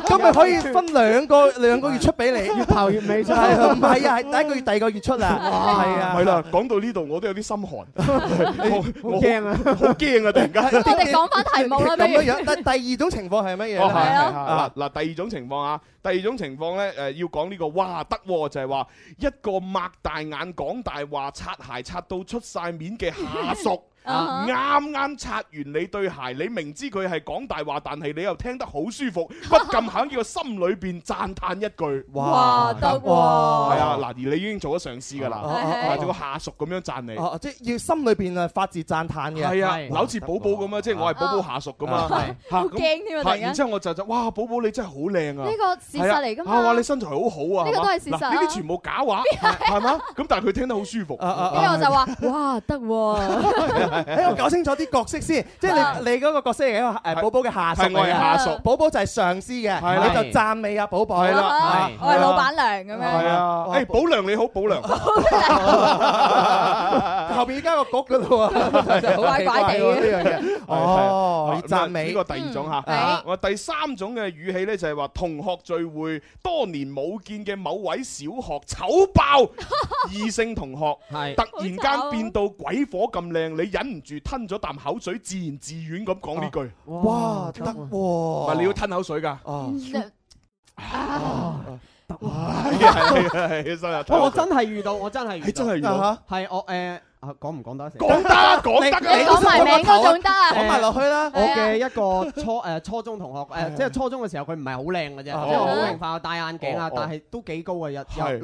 Speaker 7: 咁咪可以分兩個兩個月出俾你，月頭月尾出。唔係啊，係第一個月第二個月出啊。哇，係啊。係啦，講到呢度我都有啲心寒，好驚
Speaker 6: 啊，好驚啊！突然間，我哋講翻題目啦，咁樣樣？第
Speaker 7: 第二種情況係乜嘢？係啊。嗱
Speaker 6: 嗱，第二種情況啊，第二種。情況咧，誒、呃，要講呢、這個，哇，得、啊、就係、是、話一個擘大眼講大話、擦鞋擦到出晒面嘅下屬。啱啱擦完你對鞋，你明知佢係講大話，但係你又聽得好舒服，不禁喺個心裏邊讚嘆一句：哇，得，哇，係啊，嗱，而你已經做咗上司噶啦，做個下屬咁樣讚你，即係要心裏邊啊發自讚嘆
Speaker 7: 嘅。係啊，好似寶
Speaker 6: 寶咁樣，即係我係寶寶下屬噶嘛，吓，好驚添啊，突然之間我就就，哇，寶寶你真係好靚啊，呢個事實嚟噶嘛，啊，你身材好好啊，呢個都係事實，呢啲全部假話係嘛，咁但係佢聽得好舒服，
Speaker 7: 咁我就話，哇，得。喺度搞清楚啲角色先，即係你你嗰個角色係一個誒，寶寶嘅下屬，係我係下屬，寶寶就係上司嘅，你就讚美阿寶寶咯，我係老闆娘咁樣，係啊，誒，寶娘你好，寶娘，後邊依家個局嗰度啊，好怪怪地呢樣嘢，哦，讚美呢個第二種吓，
Speaker 6: 我第三種嘅語氣咧就係話同學聚會多年冇見嘅某位小學醜爆異性同學，係突然間變到鬼火咁靚，你忍唔住吞咗啖口水，自言自語咁講呢句。哇得哇，你要吞口水噶。啊，得係我
Speaker 8: 真係遇到，我真係，真係遇到，係我誒，講唔講得先？講得，講得啊！講埋落去啦，我嘅一個初誒初中同學，誒即係初中嘅時候，佢唔係好靚嘅啫，即係好平凡，戴眼鏡啊，但係都幾高嘅，日有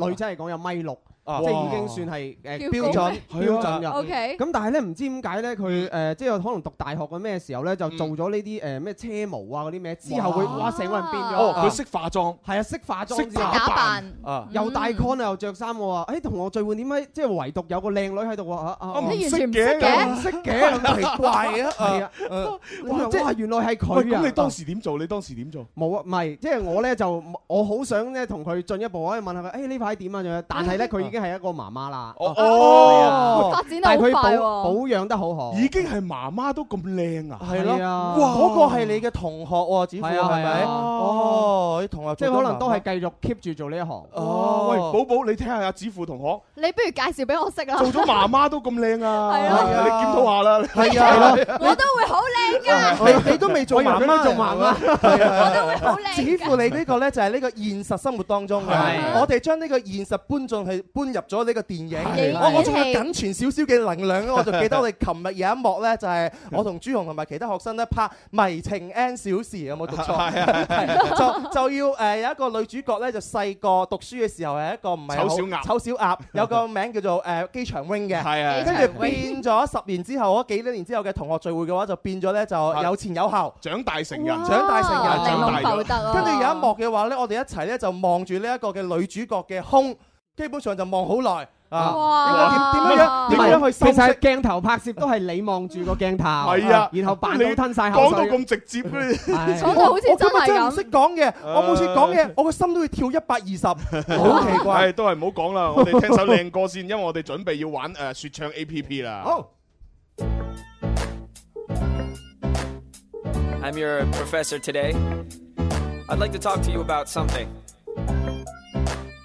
Speaker 8: 女仔嚟，講有米六。即係已經算係誒標準標準嘅。O K。咁但係咧，唔知點解咧，佢誒即係可能讀大學嘅咩時候咧，就做咗呢啲誒咩車模啊嗰啲咩。之後會哇成個人變咗。佢識化妝。係啊，識化妝。識打扮。
Speaker 2: 又戴
Speaker 8: con 又着衫喎。同我聚會點解即係唯獨有個靚女喺度喎嚇？啊，唔識嘅，唔識嘅，奇怪
Speaker 2: 啊，係啊。哇！哇！原來係佢啊。咁你
Speaker 8: 當
Speaker 6: 時點做？你當時點做？冇
Speaker 8: 啊，唔係，即係我咧就我好想咧同佢進一步可以問下佢，誒呢排點啊？仲有，但係咧佢。
Speaker 7: 已經係一個媽媽啦，
Speaker 3: 哦，發展得好快喎，保
Speaker 7: 養得好好，已經係媽
Speaker 6: 媽都咁靚
Speaker 7: 啊，係咯，哇，嗰個係你嘅同學，子父係咪？哦，啲同學，即係可能都係繼續 keep 住做呢一行。哦，喂，寶寶，你聽下阿子父同學，
Speaker 3: 你不如介紹俾我識啊，做咗媽媽都咁靚啊，係咯，你檢討下
Speaker 7: 啦，係啊，我都會好靚噶，你你都未做媽媽做媽媽，我都會好靚。子父你呢個咧就係呢個現實生活當中嘅，我哋將呢個現實搬進去進入咗呢個電影，我我仲有僅存少少嘅能量，我就記得我哋琴日有一幕呢，就係我同朱紅同埋其他學生呢拍《迷情 n 小時》，有冇讀錯？就就要誒有一個女主角呢，就細個讀書嘅時候係一個唔係醜小鴨，有個名叫做誒機場 wing 嘅，跟住變咗十年之後，嗰幾年之後嘅同學聚會嘅話，就變咗呢，就有前有後，長大成人，長大成人，跟住有一幕嘅話呢，我哋一齊呢，就望住呢一個嘅女主角嘅胸。基本上就望好耐啊，點樣點樣點樣去拍攝鏡頭，拍攝都係你望住
Speaker 8: 個鏡頭。係啊，然後把刀吞晒口水，講到咁
Speaker 7: 直接，我
Speaker 3: 今日真係唔識
Speaker 7: 講嘅，我每次講嘢，我個心都會跳一百二十，好奇怪，
Speaker 6: 都係唔好講啦，我哋聽首靚歌先，因為我哋準備要玩誒說唱 APP
Speaker 9: 啦。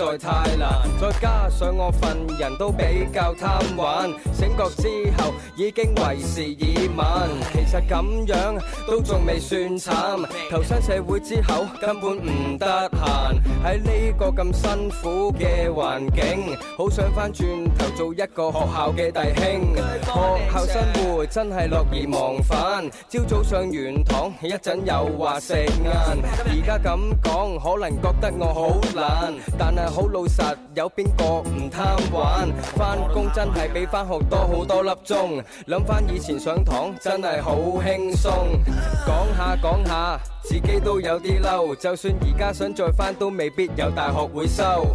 Speaker 9: 在太難，再加上我份人都比較貪玩，醒覺之後已經為時已晚。其實咁樣都仲未算慘，投身社會之後根本唔得閒。喺呢個咁辛苦嘅環境，好想翻轉頭做一個學校嘅弟兄。學校生活真係樂而忘返，朝早上，上完堂一陣又話食晏。而家咁講可能覺得我好懶，但係。好老實，有邊個唔貪玩？返工真係比返學多好多粒鐘，諗返以前上堂真係好輕鬆。講下講下，自己都有啲嬲，就算而家想再返，都未必有大學會收。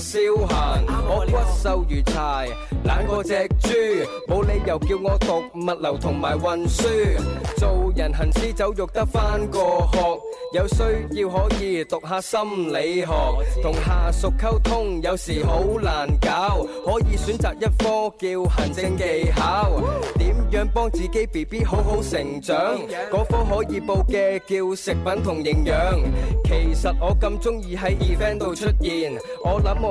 Speaker 9: 消閒，我骨瘦如柴，懶過隻豬，冇理由叫我讀物流同埋運輸。做人行屍走肉得翻個學，有需要可以讀下心理學，同下屬溝通有時好難搞，可以選擇一科叫行政技巧，點樣幫自己 BB 好好成長？嗰科可以報嘅叫食品同營養。其實我咁中意喺 event 度出現，我諗我。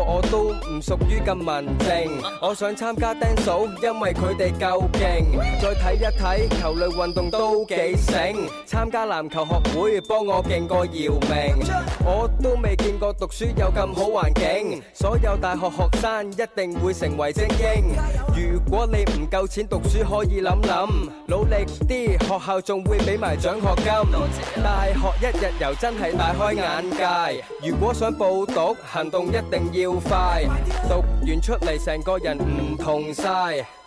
Speaker 9: 我都唔屬於咁文靜，我想參加 dance show，因為佢哋夠勁。再睇一睇球類運動都幾醒，參加籃球學會，幫我勁過姚明。我都未見過讀書有咁好環境，所有大學學生一定會成為精英。如果你唔夠錢讀書，可以諗諗，努力啲，學校仲會俾埋獎學金。大學一日遊真係大開眼界，如果想報讀，行動一定要。要快讀完出嚟，成個人唔同晒。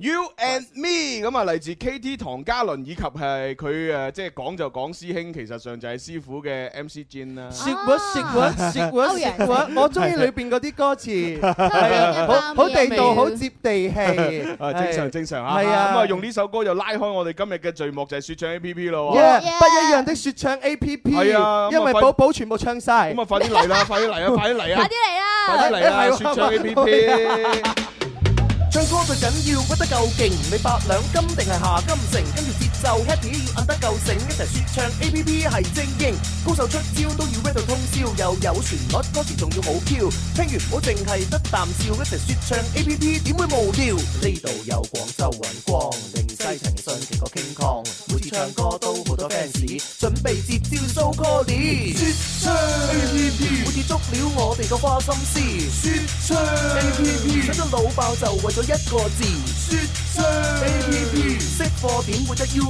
Speaker 6: You and me 咁啊，嚟自 KT 唐嘉麟以及係佢誒，即係講就講師兄，其實上就係師傅嘅 MC Jin 啦。説話説話説話説話，我中意裏邊嗰啲歌詞，係啊，好好地道，好接地氣。誒，正常正常嚇。係啊，咁啊，用呢首歌就拉開我哋今日嘅序幕，就係説唱 A P P 咯喎。Yeah，不
Speaker 7: 一樣的説唱 A P P。係啊，因為寶寶全部唱曬。咁啊，快啲嚟啦！
Speaker 6: 快啲嚟啊！快啲嚟啊！
Speaker 7: 快啲嚟啊！快啲嚟啊！説唱 A P P。唱歌最緊要屈得夠勁，你八兩金定係夏金城，跟住。就 happy 要按得夠醒，一齊説唱 A P P 係精英，高手出招都要 rap 到通宵，又有旋律，歌詞仲要好 Q，聽完唔好淨係得啖笑，一齊説唱 A P P 點會無聊？呢度有廣州韻光，定西城信幾個傾抗，每次唱歌都好多 fans，準備接招做 cody。説唱 A P P 每次捉了我哋個花心思，説唱 A P P 想得腦爆就為咗一個字，説唱 A P P 識貨點會得腰。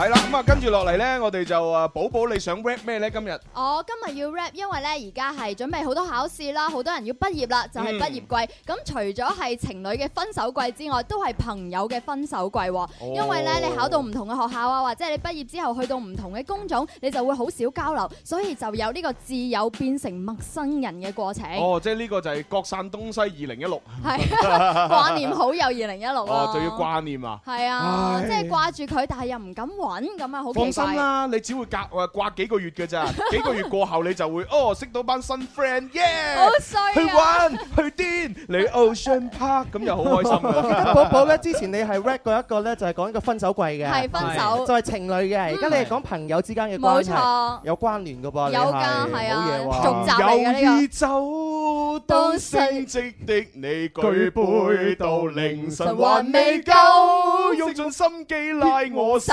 Speaker 6: 係啦，咁啊，跟住落嚟呢，我哋就啊，寶寶你想 rap 咩呢？今日
Speaker 3: 我、哦、今日要 rap，因為呢而家係準備好多考試啦，好多人要畢業啦，就係、是、畢業季。咁、嗯、除咗係情侶嘅分手季之外，都係朋友嘅分手季。哦、因為呢，你考到唔同嘅學校啊，或者你畢業之後去到唔同嘅工種，你就會好少交流，所以就有呢個摯友變成陌生人嘅過程。哦，
Speaker 6: 即係呢個就係各散東西二零一六。係掛念好
Speaker 3: 友二零一六。哦，就要掛
Speaker 6: 念啊。係啊，哎、呀即係
Speaker 3: 掛住佢，但係又唔敢搵，咁啊，好放心啦！
Speaker 6: 你只會夾啊掛幾個月嘅咋？幾個月過後你就會哦，識到班新 friend，yeah！好衰啊！去玩去癲你 Ocean Park，咁
Speaker 2: 又好開心噶。寶
Speaker 6: 寶咧，之前你係 rap
Speaker 7: 過一個咧，就係講一個分手季嘅，係分手，就係情侶嘅。而家你係講朋友之間嘅關係，冇錯，有關聯噶噃，有噶，係啊，續集嚟嘅
Speaker 5: 呢個。當
Speaker 7: 升
Speaker 6: 職的你
Speaker 5: 舉杯到凌晨
Speaker 7: 還
Speaker 2: 未夠，
Speaker 6: 用盡心機拉我手。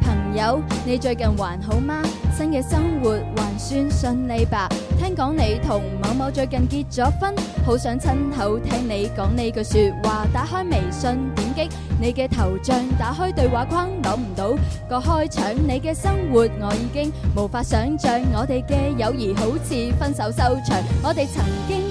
Speaker 3: 友，你最近還好嗎？新嘅生活還算順利吧？聽講你同某某最近結咗婚，好想親口聽你講呢句說話。打開微信點，點擊你嘅頭像，打開對話框，諗唔到個開場。你嘅生活，我已經無法想象，我哋嘅友誼好似分手收場。我哋曾經。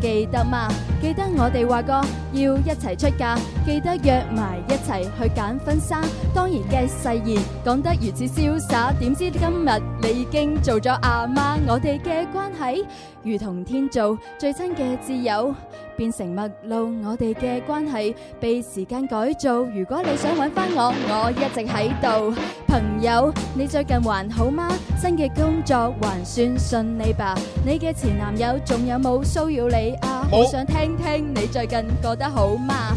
Speaker 3: 記得嗎？記得我哋話過要一齊出嫁，記得約埋一齊去揀婚紗。當然嘅誓言講得如此瀟灑，點知今日你已經做咗阿媽，我哋嘅關係。如同天造最親嘅摯友變成陌路，我哋嘅關係被時間改造。如果你想揾翻我，我一直喺度。朋友，你最近還好嗎？新嘅工作還算順利吧？你嘅前男友仲有冇騷擾你啊？我好想聽聽你最近過得好嗎？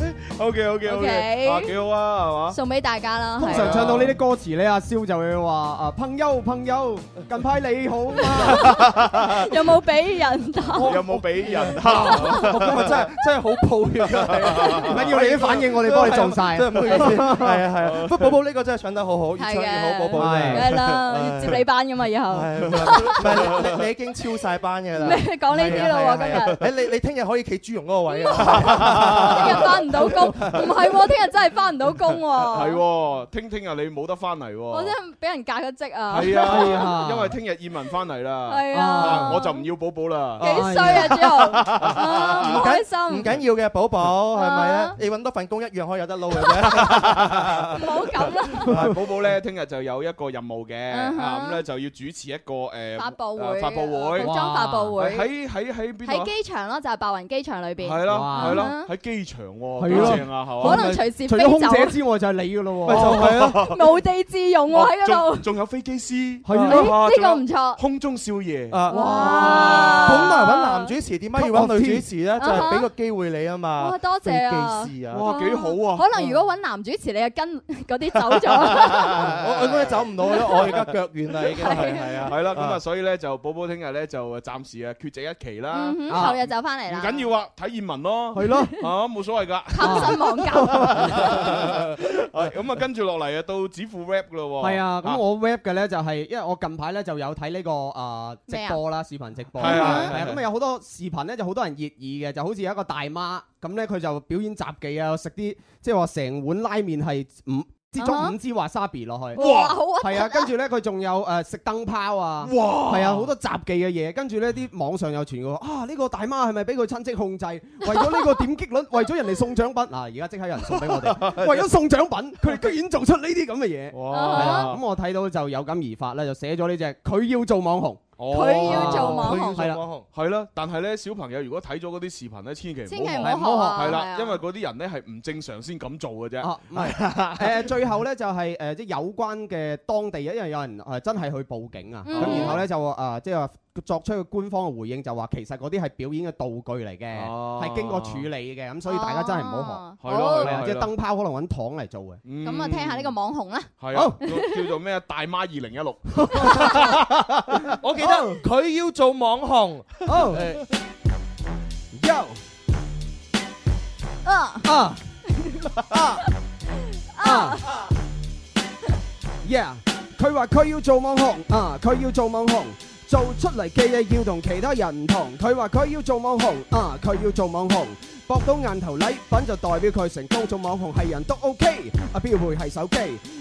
Speaker 3: O K O K O K，幾
Speaker 8: 好啊，係嘛？
Speaker 3: 送俾大家啦。通常唱到
Speaker 8: 呢啲歌詞咧，阿蕭就會話：啊，朋友朋友，近排你好
Speaker 3: 嗎？有冇俾人打？有冇俾
Speaker 7: 人打？咁啊，真係真係好抱怨㗎。唔緊要，你啲反應我哋幫你做曬，真係唔好意思。係啊係，福寶寶呢個真係唱得好好，越唱越好寶寶。係啦，
Speaker 3: 接你班㗎嘛以後。唔
Speaker 7: 係，你你已經超曬班㗎啦。講呢啲啦喎
Speaker 3: 今
Speaker 6: 日。誒你你聽日可以企朱容嗰個位，
Speaker 2: 聽日
Speaker 3: 翻唔到工。唔係，聽日真係翻唔到工喎。係，
Speaker 6: 聽聽日你冇得翻嚟。我
Speaker 3: 真係俾人革咗職啊！係啊，
Speaker 6: 因為聽日燕文翻嚟啦。係啊，我就唔要寶寶啦。幾衰啊，之後，唔開心。唔緊要嘅，寶寶係咪咧？你搵多份工一樣可以有得撈嘅。唔好咁啦。寶寶咧，聽日就有一個任務嘅，啊咁咧就要主持一個誒發布會，發布會，化妝發布會。喺喺喺邊？喺機
Speaker 3: 場咯，就係白雲機場裏邊。係咯，係咯，
Speaker 6: 喺機場。
Speaker 8: 係咯。
Speaker 2: 可
Speaker 3: 能隨時飛走。除咗空姐之
Speaker 7: 外，就係你噶
Speaker 3: 咯。咪就係啊！無地自容喎，喺嗰度。
Speaker 7: 仲有飛機師係啦，呢個唔錯。空中少爺啊！哇！
Speaker 3: 本嚟揾男
Speaker 7: 主持，點解要揾女主持咧？就係俾個機會你啊嘛。多謝啊！飛機師啊，哇，幾好啊！可能如
Speaker 3: 果揾男主持，你就跟嗰啲走咗。
Speaker 6: 我我真
Speaker 7: 係走唔到啦，我而家腳軟啦，
Speaker 6: 已經係啊，係啦。咁啊，所以咧就寶寶，聽日咧就暫時啊缺席一期啦。後日就翻嚟啦。唔緊要啊，睇葉文咯，係咯，啊冇所謂㗎。失望夠啦！係咁啊，跟住落嚟啊，到指富 rap 咯喎。係啊，咁我
Speaker 8: rap 嘅咧就係、是，因為我近排咧就有睇呢、這個啊、呃、麼直播啦，視頻直播係啊，係、嗯、啊，咁啊有好多視頻咧，就好多人熱議嘅，就好似有一個大媽咁咧，佢就表演雜技啊，食啲即係話成碗拉麵係唔～接咗五支華沙 B 落去，哇，好核突係啊，啊跟住咧佢仲有誒、呃、食燈泡啊，係哇啊，好多雜技嘅嘢。跟住咧啲網上有傳過啊，呢、這個大媽係咪俾佢親戚控制？為咗呢個點擊率， [LAUGHS] 為咗人哋送獎品。嗱、啊，而家即刻有人送俾我哋， [LAUGHS] 為咗送獎品，佢哋居然做出呢啲咁嘅嘢。哇！咁、啊哇啊、我睇到就有感而發咧，就寫咗呢隻，佢要做網紅。佢、哦、要做網紅，
Speaker 6: 係啦了，但係咧，小朋友如果睇咗嗰啲視頻咧，千祈唔好學，係啦、啊。了因為嗰啲人咧係唔正常先咁做嘅啫。哦、啊，
Speaker 8: 唔係 [LAUGHS] 最後咧就係誒，即係有關嘅當地，因為有人誒真係去報警啊。咁、嗯、哼然後咧就啊，即係話。就是佢作出個官方嘅回應就話，其實嗰啲係表演嘅道具嚟嘅，係經過處理嘅，咁所以大家真係唔好學。係咯，即係燈泡可能搵
Speaker 6: 糖嚟做嘅。咁啊，聽
Speaker 3: 下呢個網紅啦。
Speaker 6: 係啊，叫做咩啊？大媽二零一六。我記得佢要做網紅。
Speaker 2: 哦，Yo，啊
Speaker 3: 啊
Speaker 8: 啊啊！Yeah，佢話佢要做網紅啊，佢要做網紅。做出嚟嘅嘢要同其他人唔同，佢話佢要做網紅啊，佢要做網紅，博到眼頭禮品就代表佢成功做網紅，係人都 OK，阿標配係手機。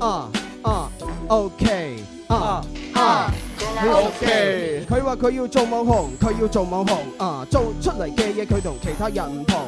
Speaker 8: 啊啊、uh, uh,，OK，啊、uh, 啊、uh,，OK。佢話佢要做網紅，佢要做網紅啊，uh, 做出嚟嘅嘢佢同其他人唔同。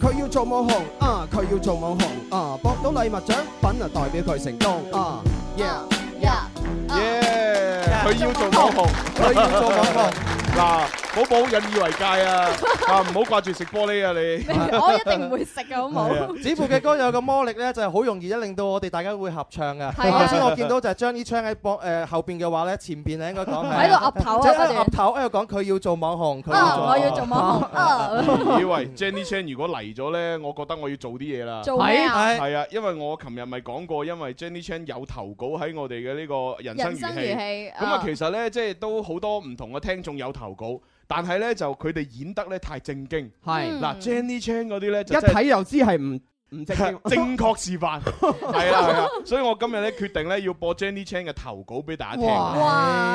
Speaker 8: 佢要做網紅啊，佢、uh, 要做網紅啊，博、uh, 到禮物獎品
Speaker 6: 啊，代表佢成功
Speaker 8: 啊、uh,
Speaker 2: Yeah。Uh, yeah. 耶！
Speaker 8: 佢要做網
Speaker 6: 紅，佢要做網紅。嗱，寶寶引以為戒啊！啊，唔好掛住食玻璃啊！你我一定
Speaker 7: 唔會食嘅，好唔好？子父嘅歌有個魔力咧，就係好容易一令到我哋大家會合唱嘅。頭先我見到就係 Jenny Chan 喺博誒後邊嘅話咧，前邊咧應該講喺度岌頭喺度岌頭喺度講佢要做網紅，佢我要做網紅。以
Speaker 6: 為 Jenny Chan 如果嚟咗咧，我覺得我要做啲嘢啦，係啊，啊，因為我琴日咪講過，因為 Jenny Chan 有投稿喺我哋嘅呢個。人生如戲，咁啊，哦、其實咧，即係都好多唔同嘅聽眾有投稿，但係咧就佢哋演得咧太正經，係嗱、嗯，Jenny Chan 嗰啲咧，就一睇，又知
Speaker 8: 係唔唔正經，正
Speaker 6: 確示範係啦係啦，所以我今日咧決定咧要播 Jenny Chan 嘅投稿俾大家聽，哇、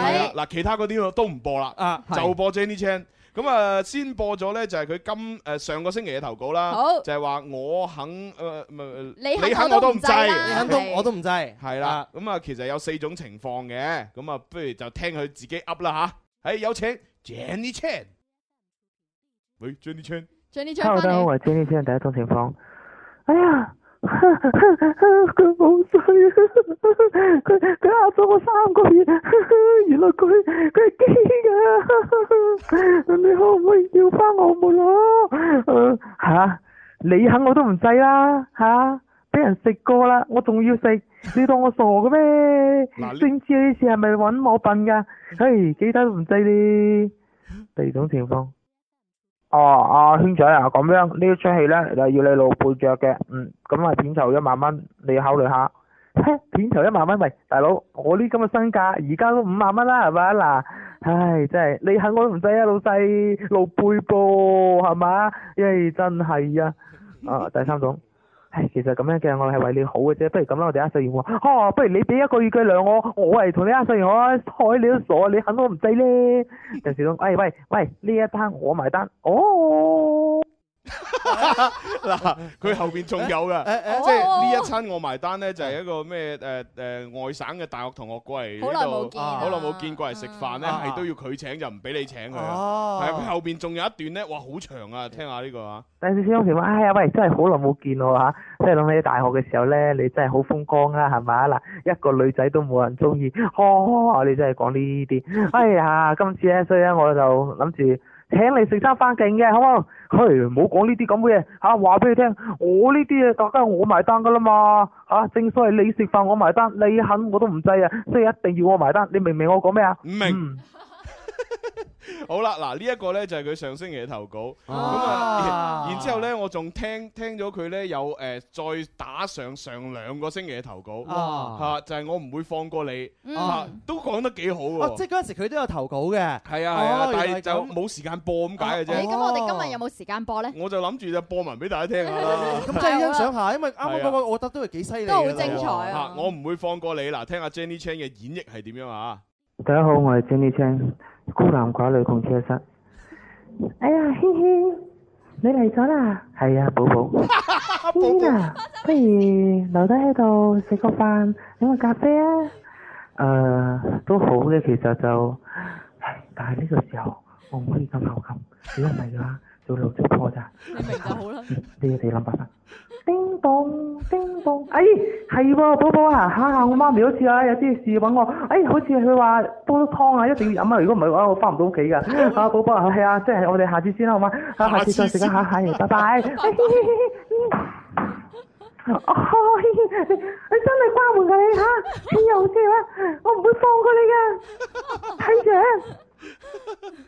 Speaker 6: 係啦、嗱、啊，其他嗰啲都唔播啦，啊，就播 Jenny Chan、啊。咁啊、嗯，先播咗咧就係佢今誒、呃、上個星期嘅投稿啦，好就係話我肯誒、呃呃、你肯，你肯我都唔制，你肯我都唔制，係 Okay. 啦。咁啊、嗯嗯，其實有四種情況嘅，咁、嗯、啊，不如就聽佢自己噏啦吓。誒、欸，有請 Chan, Jenny Chan。喂，Jenny Chan Hello, 來。Hello 大家好，
Speaker 10: 我係 Jenny Chan 第一種情況。哎呀～佢冇制啊！佢佢吓咗我三個月，原來佢佢係癲噶！你可唔可以要翻我妹、啊？吓、呃，你肯我都唔制啦！吓，俾人食過啦，我仲要食？你當我傻嘅咩？正知呢次係咪揾我笨噶？唉，其他都唔制呢！第二種情況。哦，阿軒仔啊，咁樣，一戲呢出戲咧就要你露背着嘅。嗯，咁啊片酬一萬蚊，你考慮下。 [LAUGHS] 片酬一萬蚊，喂，大佬，我呢咁嘅身價，而家都五萬蚊啦，係咪？嗱，唉，真係你肯我都唔使啊，老細露背噃，係咪？咦、yeah，真係呀、啊，啊，第三種。唉，其實咁樣嘅，我係為你好嘅啫。不如咁啦，我哋阿細然話，哦、啊，不如你俾一個月嘅糧我，我嚟同你阿細然我，睬你都傻，你肯我唔制咧。就笑講、哎，喂喂，呢一單我埋單，哦。
Speaker 2: 嗱，
Speaker 6: 佢 [LAUGHS] 後邊仲有噶，欸欸、即係呢一餐我埋單咧，欸、就係一個咩誒誒外省嘅大學同學過嚟呢度，好耐冇見，好耐冇見過嚟食飯咧，係、嗯、都要佢請就唔俾你請佢，係、啊啊、後邊仲有一段咧，哇好長啊，聽下呢、這
Speaker 2: 個啊。
Speaker 10: 第四聲我話哎呀，喂、哎，真係好耐冇見喎吓，即係諗起大學嘅時候咧，你真係好風光啊，係咪？嗱，一個女仔都冇人中意，呵、哦，你真係講呢啲。哎呀，今次咧，所以咧我就諗住。請你食餐飯勁嘅，好唔好？嘿，唔好講呢啲咁嘅嘢，吓，話俾你聽，我呢啲嘢大家我埋單噶啦嘛，吓、啊、正所謂你食飯我埋單，你肯我都唔制啊，即係一定要我埋單，你明唔明我講咩啊？唔明、嗯。
Speaker 6: 好啦，嗱呢一個咧就係佢上星期嘅投稿咁啊。然之後咧，我仲聽聽咗佢咧有誒再打上上兩個星期嘅投稿。吓就係我唔會放過你啊，都講得幾好。即係嗰
Speaker 7: 陣時佢都有投稿嘅，係啊係啊，但係就
Speaker 6: 冇時間播咁解嘅啫。咁我
Speaker 3: 哋今日有冇時間播咧？
Speaker 6: 我就諗住就播埋俾大家聽。咁即係欣賞下，因為啱啱嗰個我覺得都係幾犀利，都好精彩啊！我唔會放過你嗱，聽下 Jenny Chan 嘅演繹係點樣啊？大
Speaker 10: 家好，我係 Jenny Chan。孤男寡女共車室。
Speaker 6: 哎
Speaker 10: 呀，軒軒，你嚟咗啦？係啊，寶寶。軒軒 [LAUGHS] 啊，不如留低喺度食個飯，飲個咖啡啊。誒、呃，都好嘅，其實就，但係呢個時候，我唔可以咁後行，如果唔係嘅話。做六做
Speaker 2: 錯咋？你哋好啦，諗辦法。
Speaker 10: 叮當叮當，哎，係喎，寶寶啊，吓、啊啊，我媽咪好似啊，有啲事要搵我，哎，好似佢話煲湯啊，一定要飲啊，如果唔係啊，我翻唔到屋企噶，啊實，寶寶啊，係啊，即係我哋下次先啦，好嗎？下次再食一下！係，拜拜 [LAUGHS] 哎哎哎。
Speaker 2: 哎，
Speaker 10: 你，你真係關門噶、啊、你吓，又笑啦，我唔會放過你噶，係嘅、
Speaker 7: 啊。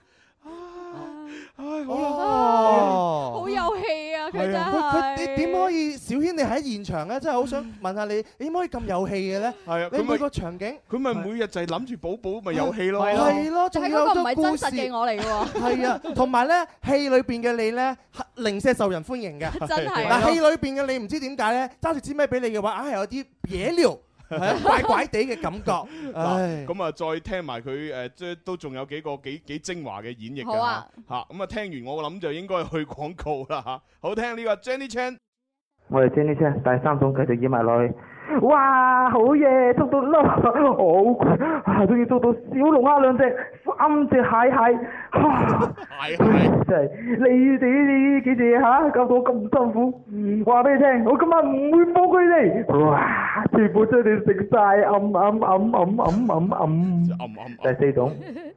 Speaker 2: 唉，好啊，好有戲啊！佢真係，佢點可以？
Speaker 7: 小軒你喺現場咧，真係好想問下你，點可以咁有戲嘅咧？
Speaker 6: 係啊，佢咪個場景，佢咪每日就係諗住寶寶，咪有戲咯，
Speaker 3: 係
Speaker 7: 咯，仲有一個唔係真實嘅我嚟嘅喎。係啊，同埋咧，戲裏邊嘅你咧，零舍受人歡迎嘅，真係。嗱，戲裏邊嘅你唔知點解咧，揸住支咪俾你嘅話，硬係有啲野
Speaker 6: 料。係啊， [LAUGHS] 怪怪地嘅感覺。
Speaker 2: 嗱 [LAUGHS] 唉，咁
Speaker 6: 啊，再聽埋佢誒，即、呃、都仲有幾個幾幾精華嘅演繹噶。吓、啊，咁啊、嗯，聽完我諗就應該去廣告啦吓。好聽呢、這個 Jenny Chan，
Speaker 10: 我哋 Jenny Chan，第三種繼續演埋落去。
Speaker 6: 哇！好嘢，捉到啦！好啊，終於捉到小龍蝦兩隻，
Speaker 10: 三隻蟹蟹。真係你哋呢幾隻吓、啊，搞到我咁辛苦，唔話俾你聽，我今晚唔會冇佢哋。哇、啊！全部將你食晒，噏噏噏噏噏噏噏噏。第四種。
Speaker 2: [LAUGHS]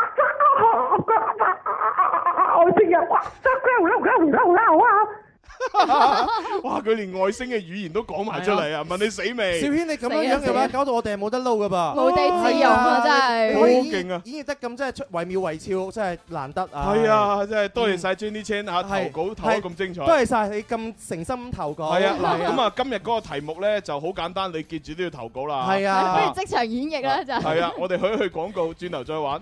Speaker 2: 哇！
Speaker 6: 佢連外星嘅語言都講埋出嚟啊！問你死未？小
Speaker 2: 軒，你咁樣樣嘅話，
Speaker 7: 搞到我哋係冇得撈噶噃，冇地自容啊！真係好勁啊！演繹得咁真係惟妙惟肖，真係難得啊！係啊！真係多謝晒 Jenny
Speaker 6: Chan 啊！投稿投得咁精彩，多謝
Speaker 7: 晒你咁誠心投稿。係啊，咁啊，
Speaker 6: 今日嗰個題目咧就好簡單，你記住都要投稿啦。係啊，不如即
Speaker 3: 場演繹啦就係啊！
Speaker 6: 我哋去一去廣告，轉頭再玩。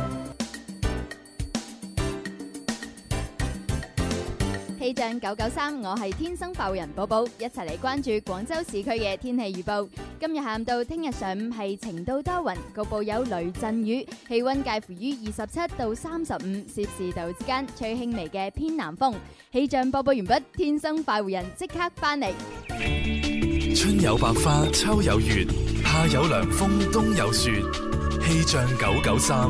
Speaker 3: 氣象九九三，3, 我係天生快活人寶寶，一齊嚟關注廣州市區嘅天氣預報。今日下午到聽日上午係晴到多雲，局部有雷陣雨，氣温介乎於二十七到三十五，攝氏度之間吹輕微嘅偏南風。氣象播報完畢，天生快活人即刻翻嚟。
Speaker 4: 春有百花，秋有月，夏有涼風，冬有雪。氣象九九三。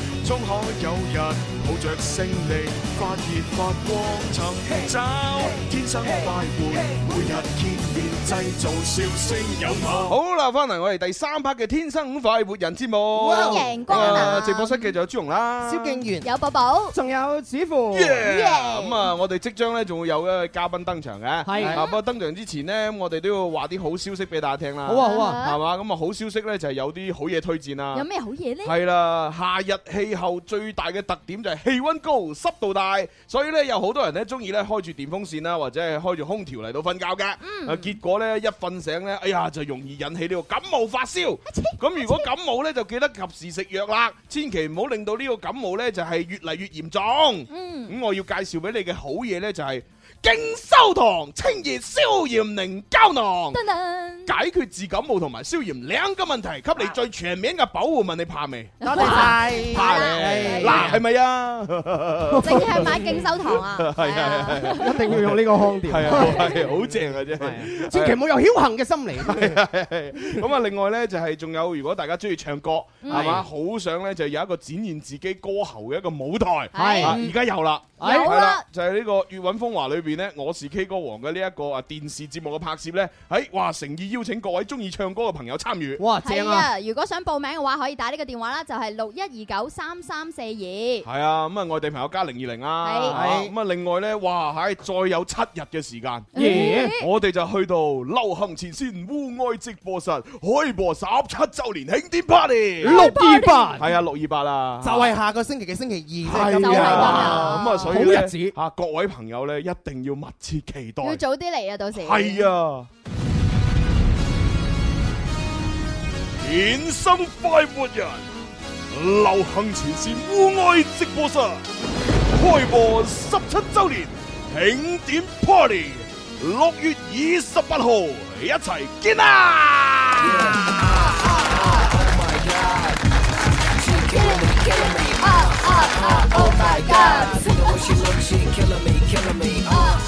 Speaker 6: 終可有日抱着勝利發熱發光，尋找天生快活，每日竭力製造笑聲有嗎？好啦，翻嚟我哋第三 part 嘅天生快活人節目，之哇！歡迎光啦、呃！直播室嘅仲有朱融啦，蕭敬源、
Speaker 3: 有寶寶，仲
Speaker 9: 有子符。咁啊 Yeah! Yeah!、
Speaker 6: 嗯，我哋即將呢仲會有一位嘉賓登場嘅。係啊，啊，不過登場之前呢，我哋都要話啲好消息俾大家聽啦。好啊，好啊，係嘛、啊？咁啊，好消息呢就係有啲好嘢推薦啦。
Speaker 3: 有咩好
Speaker 6: 嘢呢？係啦，夏日氣。最後最大嘅特點就係氣溫高、濕度大，所以咧有好多人咧中意咧開住電風扇啦，或者係開住空調嚟到瞓覺嘅。嗯、啊，結果咧一瞓醒咧，哎呀就容易引起呢個感冒發燒。咁、啊啊、如果感冒咧就記得及時食藥啦，千祈唔好令到呢個感冒咧就係、是，越嚟越嚴重。嗯，咁、嗯、我要介紹俾你嘅好嘢咧就係、是。敬修堂清熱消炎凝膠囊，解決治感冒同埋消炎兩個問題，給你最全面嘅保護。問你怕未？
Speaker 2: 怕係，嗱係咪啊？
Speaker 6: 淨係買敬
Speaker 7: 修堂啊？係
Speaker 6: 一定要用呢個康店，係啊好正嘅啫。千祈唔好有僥幸嘅心理。咁啊，另外咧就係仲有，如果大家中意唱歌，係嘛，好想咧就有一個展現自己歌喉嘅一個舞台，係而家有啦，有啦，就係呢個粵韻風華裏邊。我是 K 歌王嘅呢一個啊電視節目嘅拍攝咧喺，哇，誠意邀請各位中意唱歌嘅朋友參與，哇，正啊！
Speaker 3: 如果想報名嘅話，可以打呢個電話啦，就係六一二九三三四二。
Speaker 6: 係啊，咁啊外地朋友加零二零啊。係，咁啊另外咧，哇，喺再有七日嘅時間，我哋就去到流行前線戶外直播室開播十七周年慶典 party 六二八，係啊六二八啊，就係
Speaker 7: 下個星期嘅星期二。係啊，咁啊所以好
Speaker 6: 日子啊，各位朋友咧一定。要密切期待，要
Speaker 3: 早啲嚟啊！到時係啊，
Speaker 6: 天生快活人，流行前線戶外直播室開播十七周年慶典 Party，六月二十八號一齊見啊
Speaker 9: h、yeah. ah, ah, oh my god！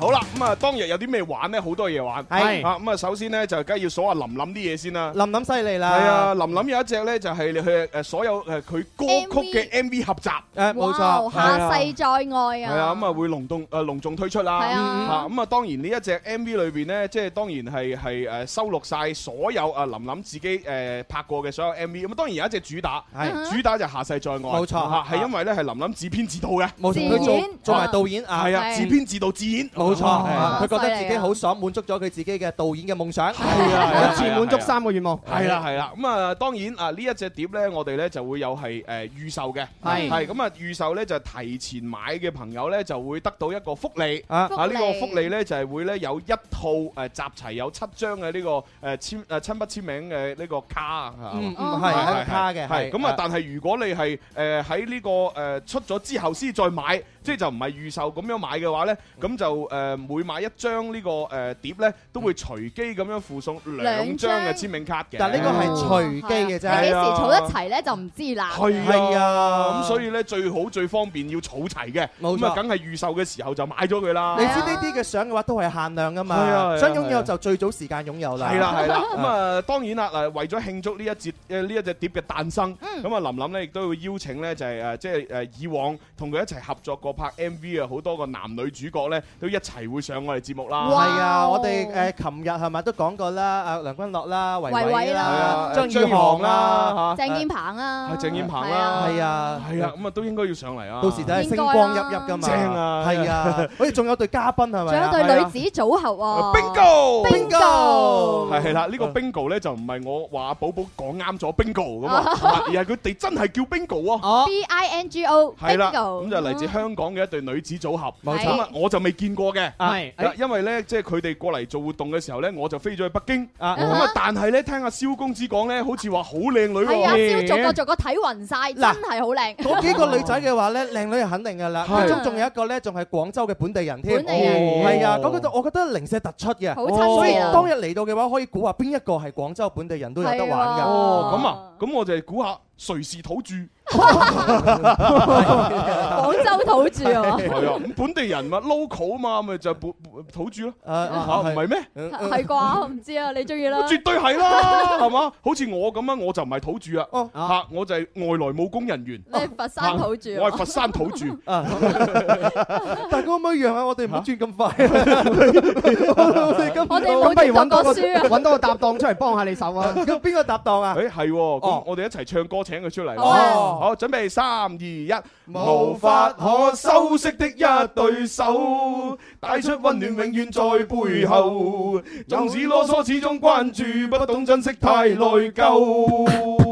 Speaker 6: 好啦，咁啊，當日有啲咩玩咧？好多嘢玩，係啊，咁啊，首先咧就梗係要數下林林啲嘢先啦。林林犀利啦，係啊，林林有一隻咧就係佢誒，所有誒佢歌曲嘅 M V 合集，誒，冇錯，下世
Speaker 3: 再愛啊，係啊，
Speaker 6: 咁啊會隆重誒隆重推出啦，係啊，咁啊當然呢一隻 M V 裏邊咧，即係當然係係誒收錄晒所有阿林林自己誒拍過嘅所有 M V，咁啊當然有一隻主打，係主打就下世再愛，冇錯，吓係因為咧係林林自編自導嘅，冇錯，佢做埋導演，係啊，自編自導自演。
Speaker 7: 冇錯，佢覺得自己好爽，滿足咗佢自己嘅導演嘅夢想。係啊，一次滿足三個願望。係啦，
Speaker 6: 係啦。咁啊，當然啊，呢一隻碟咧，我哋咧就會有係誒預售嘅。係係咁啊，預售咧就係提前買嘅朋友咧就會得到一個福利啊！啊，呢個福利咧就係會咧有一套誒集齊有七張嘅呢個誒簽誒親筆簽名嘅呢個卡啊。嗯嗯，係係卡嘅。係咁啊，但係如果你係誒喺呢個誒出咗之後先再買。即係就唔係預售咁樣買嘅話咧，咁就誒每買一張呢個誒碟咧，都會隨機咁樣附送兩張嘅簽名卡嘅。但呢個係隨機嘅啫，幾時湊得齊
Speaker 3: 咧就唔知啦。係啊，
Speaker 6: 咁所以咧最好最方便要儲齊嘅，咁啊梗係預售嘅時候就買咗佢啦。你知呢
Speaker 7: 啲嘅相嘅話都係限量噶嘛，係啊，想擁有就最早時間擁有啦。係啦
Speaker 6: 係啦，咁啊當然啦嗱，為咗慶祝呢一節誒呢一隻碟嘅誕生，咁啊琳琳咧亦都會邀請咧就係誒即係誒以往同佢一齊合作過。拍 MV 啊，好多個男女主角咧都一齊會上我哋節目啦。
Speaker 7: 係啊，我哋誒琴日係咪都講過啦？阿梁君樂啦，維維啦，張宇航啦，嚇，鄭健
Speaker 2: 鵬啦，鄭健鵬啦，係啊，
Speaker 6: 係啊，咁啊都應該要上嚟啊。到時睇星光熠熠㗎嘛，正啊，係啊。好似仲有對嘉賓係咪？仲有對女
Speaker 3: 子組合喎。
Speaker 6: Bingo，Bingo，係啦。呢個 Bingo 咧就唔係我話寶寶講啱咗 Bingo 咁啊，而係佢哋真係叫 Bingo 啊。B I N G O。
Speaker 3: Bingo，係啦，咁就嚟自
Speaker 6: 香港。講嘅一對女子組合，冇錯啦，我就未見過嘅，係，因為咧即係佢哋過嚟做活動嘅時候咧，我就飛咗去北京，咁啊，但係咧聽阿蕭公子講咧，好似話好靚女，
Speaker 7: 係啊，逐個逐
Speaker 3: 個睇暈晒，真係好靚。嗰幾個女仔嘅
Speaker 7: 話咧，靚女係肯定噶啦，其中仲有一個咧，仲係廣州嘅本地人添，係啊，嗰個我我覺得零舍突出嘅，所以當日嚟到嘅話，可以估話邊一個係廣州
Speaker 6: 本地人都有得玩噶。咁啊，咁我就係估下。誰是土著，廣州土著啊！係啊，本地人嘛，local 啊嘛，咪就係土土著咯，嚇唔係咩？係
Speaker 3: 啩？我唔知啊，你中意啦！絕對係啦，係
Speaker 6: 嘛？好似我咁樣，我就唔係土著啊，嚇，我就係外來務工人員。
Speaker 3: 你係佛山土著，我係佛
Speaker 6: 山土著。大哥咁樣樣啊，我哋唔好轉咁快？
Speaker 2: 咁我哋不如揾個揾多個搭
Speaker 8: 檔出嚟幫下你手
Speaker 7: 啊！邊個搭檔啊？誒
Speaker 6: 係喎，咁我哋一齊唱歌。請佢出嚟喎！好，準備三二一，無法可修飾的一對手，帶出温暖，永遠在背後。縱使囉嗦，始終關注，不懂珍惜，太內疚。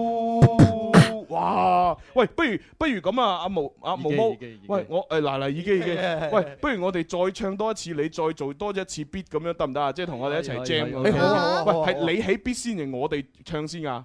Speaker 6: 哇！喂，不如不如咁啊，阿毛阿毛毛，喂，我誒嗱嗱，耳機已機，喂，不如我哋再唱多一次，你再做多一次 bit，咁樣得唔得啊？即係同我哋一齊 jam 喂，係你起 bit 先定我哋唱先啊？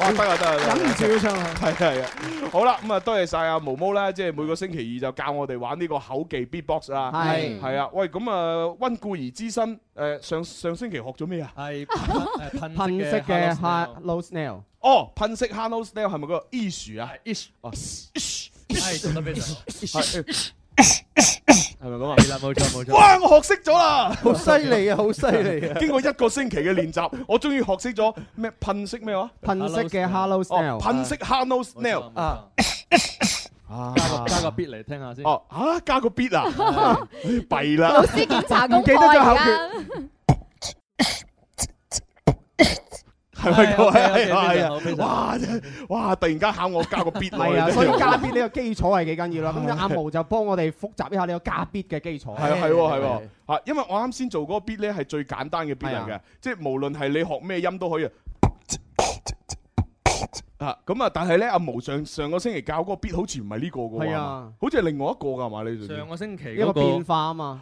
Speaker 6: 哇！得啊得啊，忍唔住唱。係係啊，好啦咁啊、嗯，多謝晒阿毛毛咧，即係每個星期二就教我哋玩呢個口技 beatbox 啊。係係啊，喂咁啊，溫故而知新。誒上上星期學咗咩啊？係噴噴色嘅 hollow snail。哦，噴色 hollow snail 係咪嗰個衣樹啊？衣樹哦，嘘嘘，真係真係。
Speaker 1: 係咪咁啊？冇錯冇
Speaker 8: 錯！哇，我
Speaker 6: 學識咗啦，好犀利啊，好犀利啊！經過一個星期嘅練習，我終於學識咗咩噴式咩話？噴式嘅 Hello Snail，噴式 Hello Snail 啊！加個加個 beat 嚟聽下先。哦，吓加個 beat 啊？弊啦！老師檢查功課，唔記得咗口訣，而
Speaker 2: 家。
Speaker 6: 係啊係啊係啊！哇，哇！突然間考我教個 beat，係啊，所以教 beat
Speaker 8: 呢個基礎係幾緊要咯。咁阿毛就幫我哋復習一下呢個教 beat 嘅基礎。係係係，吓，
Speaker 6: 因為我啱先做嗰個 beat 咧係最簡單嘅 beat 嚟嘅，即係無論係你學咩音都可以。啊，咁啊，但係咧阿毛上上個星期教嗰個 beat 好似唔係呢個噶。係啊，好似係另外一個噶嘛呢？上個星期一個變化
Speaker 8: 啊嘛，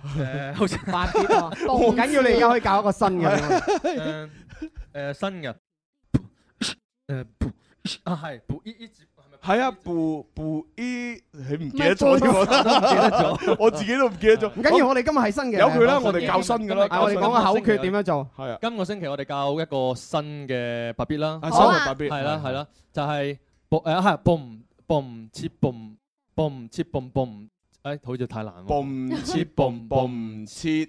Speaker 8: 好似八 beat 啊，唔緊要，你而家可以教一個新嘅，
Speaker 1: 誒，新嘅。誒，步
Speaker 6: 啊係步 e 係啊，
Speaker 2: 你唔記得咗添？我記得咗，我自己都唔記得咗。唔緊要，我哋今日係新嘅，有佢啦，我哋教新嘅啦。我哋講下口訣點樣做？
Speaker 1: 係啊，今個星期我哋教一個新嘅 bb 啦，新嘅 bb 係啦係啦，就係 boom 誒係 boom boom 切 boom boom 切 boom boom，誒，好似太難喎。
Speaker 6: boom 切 boom boom 切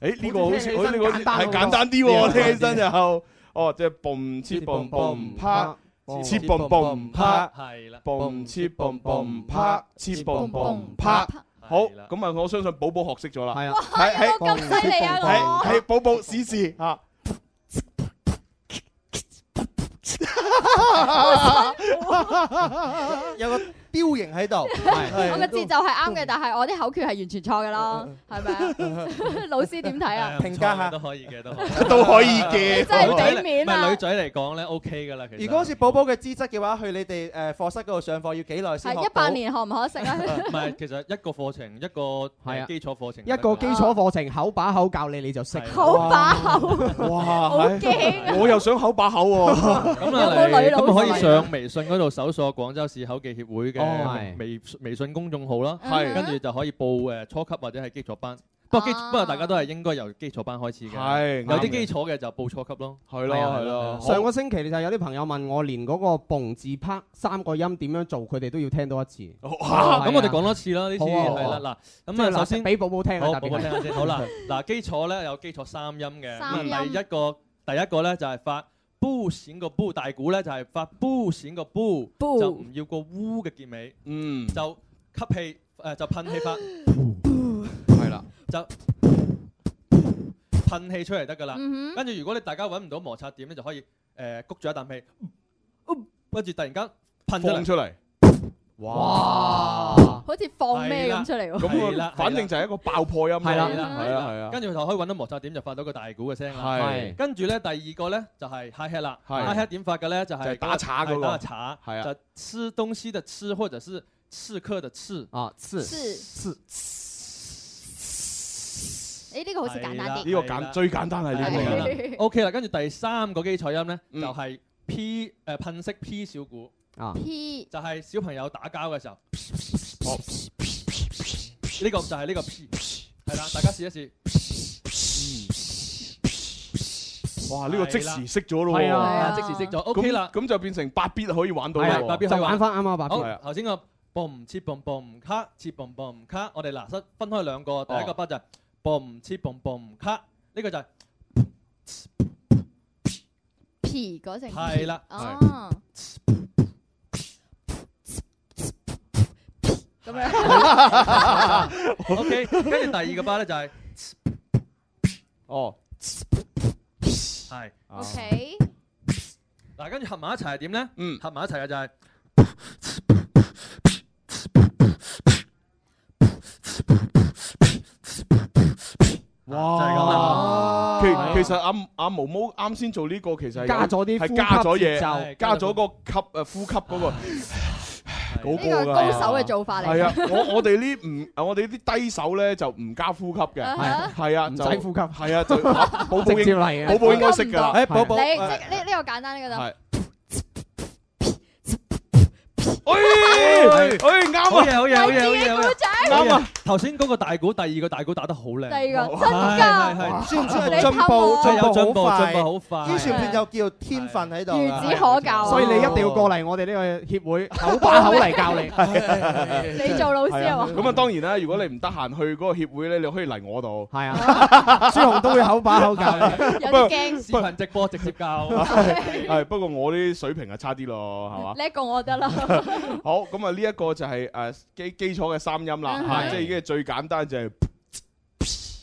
Speaker 6: 誒，呢個好，似，呢個係簡單啲喎，聽起身又，哦，即係嘣切嘣嘣啪，切嘣嘣啪，係啦，嘣切嘣嘣啪，切嘣嘣啪，好，咁啊，我相信寶寶學識咗啦，係啊，係係，
Speaker 2: 咁犀利
Speaker 6: 啊，係，寶寶試試吓。
Speaker 7: 雕型喺度，我嘅節奏
Speaker 3: 係啱嘅，但係我啲口訣係完全錯嘅咯，係咪啊？老師點睇啊？評
Speaker 7: 價下都可以嘅，都都可以嘅，真係
Speaker 1: 唔俾面啊！女仔嚟講咧 OK 㗎啦，其實。如果好似
Speaker 7: 寶寶嘅資質嘅話，去你哋誒課
Speaker 1: 室嗰度上課要幾耐先學到？一百年
Speaker 2: 可唔可食啊？唔係，
Speaker 1: 其實一個課程一個係啊基礎課程，一
Speaker 8: 個基礎課程口把口教你，你就識，口
Speaker 2: 把口哇，好
Speaker 6: 勁！我又想口把口喎，咁啊，咁可以上
Speaker 1: 微信嗰度搜索廣州市口技協會嘅。哦，微微信公眾號啦，係，跟住就可以報誒初級或者係基礎班。不過基不過大家都係應該由基礎班開始嘅，係有啲基礎嘅就報初級咯，係咯係咯。上個
Speaker 8: 星期就有啲朋友問我，連嗰個“蹦”字拍三個音點樣做，佢哋都要聽多一次。咁我哋講多次啦，呢次係啦嗱。咁啊，首先俾寶寶聽啊，寶寶聽下先。好啦，
Speaker 1: 嗱，基礎咧有基礎三音嘅，第一個第一個咧就係發。波閃個波，大鼓咧就係發波閃個波，就唔、是、布要個烏嘅結尾，嗯，就吸氣，誒就噴氣發，
Speaker 9: 係啦，
Speaker 1: 就噴氣布 [LAUGHS] 出嚟得㗎啦。跟住如果你大家揾唔到摩擦點咧，就可以誒谷咗一啖氣，跟住、嗯、突然間噴出嚟。
Speaker 2: 哇！
Speaker 3: 好似放咩咁出嚟喎，咁啊，
Speaker 1: 反正就係一個
Speaker 6: 爆破音係啦，係啊，係啊，跟住佢
Speaker 1: 又可以揾到摩擦點，就發到個大鼓嘅聲係，跟住咧第二個咧就係 hi hi 啦，hi hi 點發嘅咧就係打叉嘅咯，打叉，就吃東西的吃，或者是刺客的刺，哦，吃，吃，
Speaker 3: 誒呢個好似簡單啲，呢個簡最簡單係呢個，OK
Speaker 1: 啦，跟住第三個基礎音咧就係 P 誒噴式 P 小鼓。
Speaker 2: P，
Speaker 3: 就
Speaker 1: 係小朋友打交嘅時候，呢個就係呢個 P，係啦，大家試一試，
Speaker 6: 哇，呢個即時識咗咯，係啊，即時識咗，OK 啦，咁就變成八 B 可以玩到啦，就玩翻
Speaker 1: 啱啊，八 B，好，頭先個嘣唔切嘣嘣唔卡切嘣嘣唔卡，我哋嗱分分開兩個，第一個八就係嘣唔切嘣嘣唔卡，呢個就係
Speaker 3: P 嗰成，係啦，
Speaker 2: 咁樣，OK，跟住第二個
Speaker 1: 包咧就係，哦，係
Speaker 2: ，OK，
Speaker 1: 嗱跟住合埋一齊係點咧？嗯，合埋一齊嘅就
Speaker 2: 係，哇，就係咁
Speaker 6: 啦，其其實阿阿毛毛啱先做呢個，其實加咗啲呼吸節奏，加咗個吸誒呼吸嗰個。呢個係高手嘅做法嚟。係啊，我我哋呢唔，我哋呢啲低手咧就唔加呼吸嘅，係啊，唔使呼吸，係啊，就寶寶接嚟，寶寶應該識㗎喇。
Speaker 7: 誒，寶
Speaker 3: 寶，你即呢呢個簡單呢個就。
Speaker 2: 哎，哎，啱啊，好嘢，好嘢，好嘢，好仔，啱啊！
Speaker 1: 頭先嗰個大鼓，第二個大鼓打得好
Speaker 8: 靚，第二個真噶，係係係，朱朱朱雄
Speaker 2: 進步
Speaker 7: 好快，朱少判又叫天分喺度，孺子可教，所以你一定要
Speaker 6: 過嚟我哋呢個協會口把口嚟教你。你做老師啊？咁啊，當然啦，如果你唔得閒去嗰個協會咧，你可以嚟我度，係啊，
Speaker 2: 朱雄都
Speaker 6: 會口把口教你，
Speaker 3: 有啲驚，
Speaker 6: 視頻直播直接教，係不過我啲水平啊差啲咯，係嘛？呢
Speaker 3: 個我得啦。
Speaker 6: 好，咁啊呢一個就係誒基基礎嘅三音啦，即係已經係最簡單，就係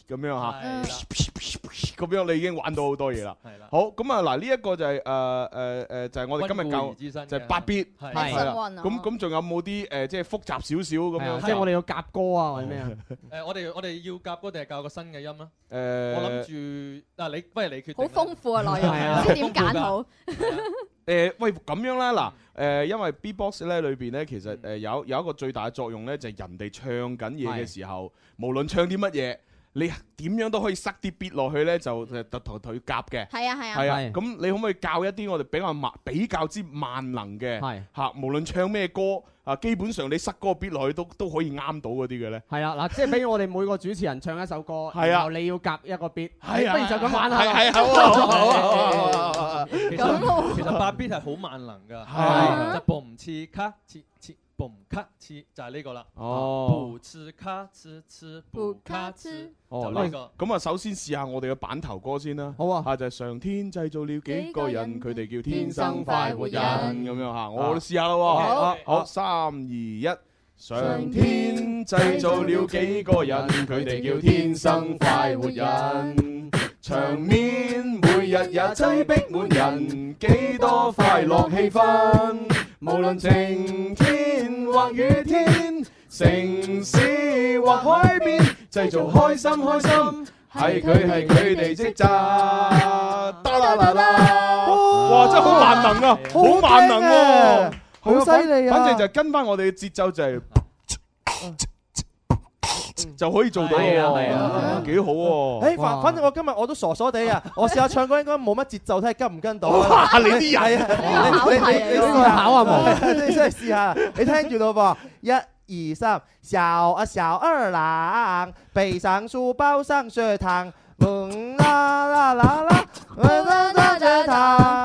Speaker 6: 咁樣吓，咁樣你已經玩到好多嘢啦。係啦，好，咁啊嗱呢一個就係誒誒誒，就係我哋今日教就係八 beat 係啦。咁咁仲有冇啲，誒即係複雜少少咁樣？即係我哋
Speaker 8: 要夾歌啊，或者咩
Speaker 1: 啊？誒，我哋我哋要夾歌定係教個新嘅音啊？誒，我
Speaker 6: 諗住嗱，你不如你決定。好豐富嘅內容，唔知點揀
Speaker 3: 好。
Speaker 6: 誒、呃、喂，咁樣啦，嗱，誒、呃，因為 B-box 咧裏邊咧，其實誒有有一個最大嘅作用咧，就係、是、人哋唱緊嘢嘅時候，的無論唱啲乜嘢。你點樣都可以塞啲 beat 落去咧，就就同佢腿夾嘅。係啊係啊。係啊，咁你可唔可以教一啲我哋比較慢、比較之萬能嘅？係。嚇，無論唱咩歌啊，基本上你塞嗰個 beat 落去都都可以啱到嗰啲嘅咧。係啊，嗱，即係俾我哋每個主
Speaker 8: 持人唱一首歌，係啊，你要夾一個 beat。係啊。不如就咁玩下啦。係係好啊好啊好啊。其實其實八
Speaker 1: beat 係好萬能㗎。係。一破唔切。卡似似。蹦卡次就係呢個啦。哦，不卡次次不卡
Speaker 5: 次，
Speaker 6: 哦，呢個。咁啊，首先試下我哋嘅板頭歌先啦。好啊，吓，就係上天製造了幾個人，佢哋叫天生快活人咁樣吓，我哋試下咯。好，好，三二一，上天製造了幾個人，佢哋叫天生快活人。場面每日也擠逼滿人，幾多快樂氣氛，無論晴天，或雨天，城市或海邊，製造開心開心，
Speaker 2: 係佢係佢
Speaker 6: 哋職責。得啦得
Speaker 2: 啦，哇，真係好萬能啊，啊好萬能哦，好犀利啊！反正就
Speaker 6: 係跟翻我哋嘅節奏，就係、是。就可以做嘢啊！係啊，幾好喎！誒反反
Speaker 7: 正我今日我都傻傻哋啊！我試下唱歌應該冇乜節奏，睇下跟唔跟到。你啲嘢你你你呢個係考啊冇？你真係試下你聽住咯噃，一二三，小啊小二郎，背上書包上學堂，啦啦啦啦，上學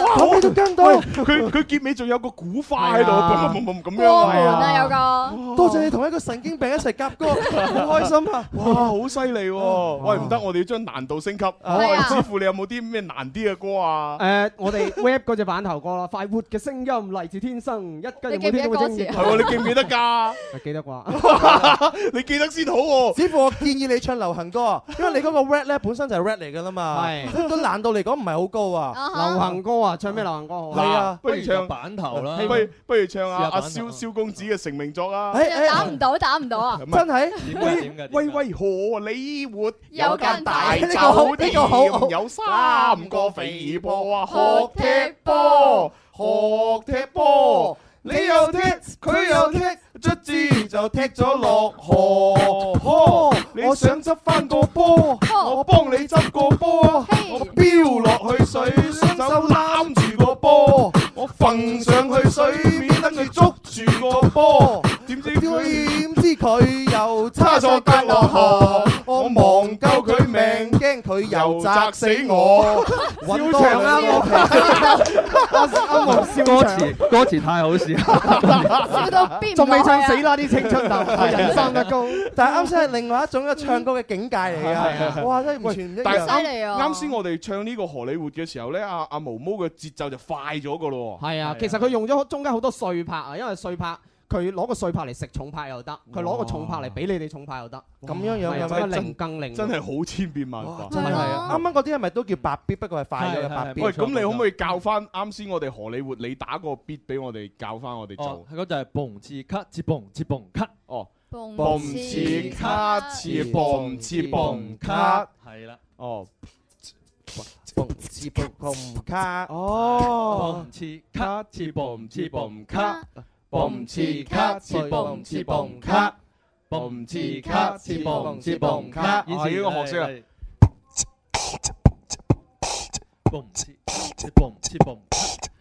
Speaker 7: 我都跟到，佢佢結尾仲有個鼓塊咯，喺度咁樣。多謝你同一個神經病一齊夾歌，好開心
Speaker 6: 啊！哇，好犀利！喂，唔得，我哋要將難度升級。師傅，你有冇啲咩難啲嘅歌啊？誒，我哋
Speaker 7: rap 嗰隻版
Speaker 8: 頭歌咯，《快活嘅聲音》嚟自天生，一斤有啲咁多聲。係喎，你記唔記得噶？記得啩？
Speaker 7: 你記得先好。師傅，我建議你唱流行歌，啊，因為你嗰個 rap 咧本身就係 rap 嚟噶啦嘛。係。咁難度嚟講唔係好高啊，流行歌啊。唱咩流行
Speaker 6: 歌好？啊，不如唱板頭啦，不如不如唱阿阿蕭蕭公子嘅成名作啊。哎，打
Speaker 3: 唔到，打唔到啊！
Speaker 6: 真係。威威何李活，有間大
Speaker 2: 酒店，
Speaker 6: 有三個肥婆啊，學踢
Speaker 3: 波，
Speaker 7: 學踢波，你又踢，佢又踢。卒之
Speaker 6: 就踢咗落河，呵，我想執翻個波，我幫你執個波，Hey. 我飆落去水，雙手攬住個波，呵我瞓上去水面，等佢捉住個波，點呵知
Speaker 7: 點知佢又差在跌落河，我忘鳩。驚佢又砸死我，穩啦！我平， [LAUGHS] 啱超情 笑歌詞歌詞太好
Speaker 2: 笑，仲未，啊、唱死啦啲
Speaker 7: 青春痘 [LAUGHS] 人生得高。 [LAUGHS] 但係啱先係另外一種嘅唱歌嘅境界嚟噶， [LAUGHS] 哇！真係唔全不一樣嚟啊！啱
Speaker 6: 先我哋唱呢個荷里活嘅時候咧，阿、啊、阿、啊、毛毛嘅節奏就快咗個咯。係啊，啊其實佢用咗中間好多碎拍啊，因為碎拍。佢攞個碎拍嚟食重拍又得，佢攞個重拍嚟俾你哋重拍又得，咁樣樣有咩靈更靈？真係好千變萬化，真係啊！
Speaker 7: 啱啱嗰啲係咪都叫白必？不過係快嘅白必。喂，咁你可唔
Speaker 6: 可以教翻啱先？我哋荷里活，你打個必俾我哋教翻我哋做。係嗰就係蹦字
Speaker 7: 卡接蹦接蹦卡。哦。蹦字卡接蹦接蹦卡。係啦。哦。蹦字蹦卡。哦。蹦字卡接蹦接蹦卡。嘣次卡，刺嘣次
Speaker 1: 嘣卡，
Speaker 2: 嘣次卡，卡，刺嘣次嘣卡。係呢、哎、個學識啊！哎哎 [NOISE]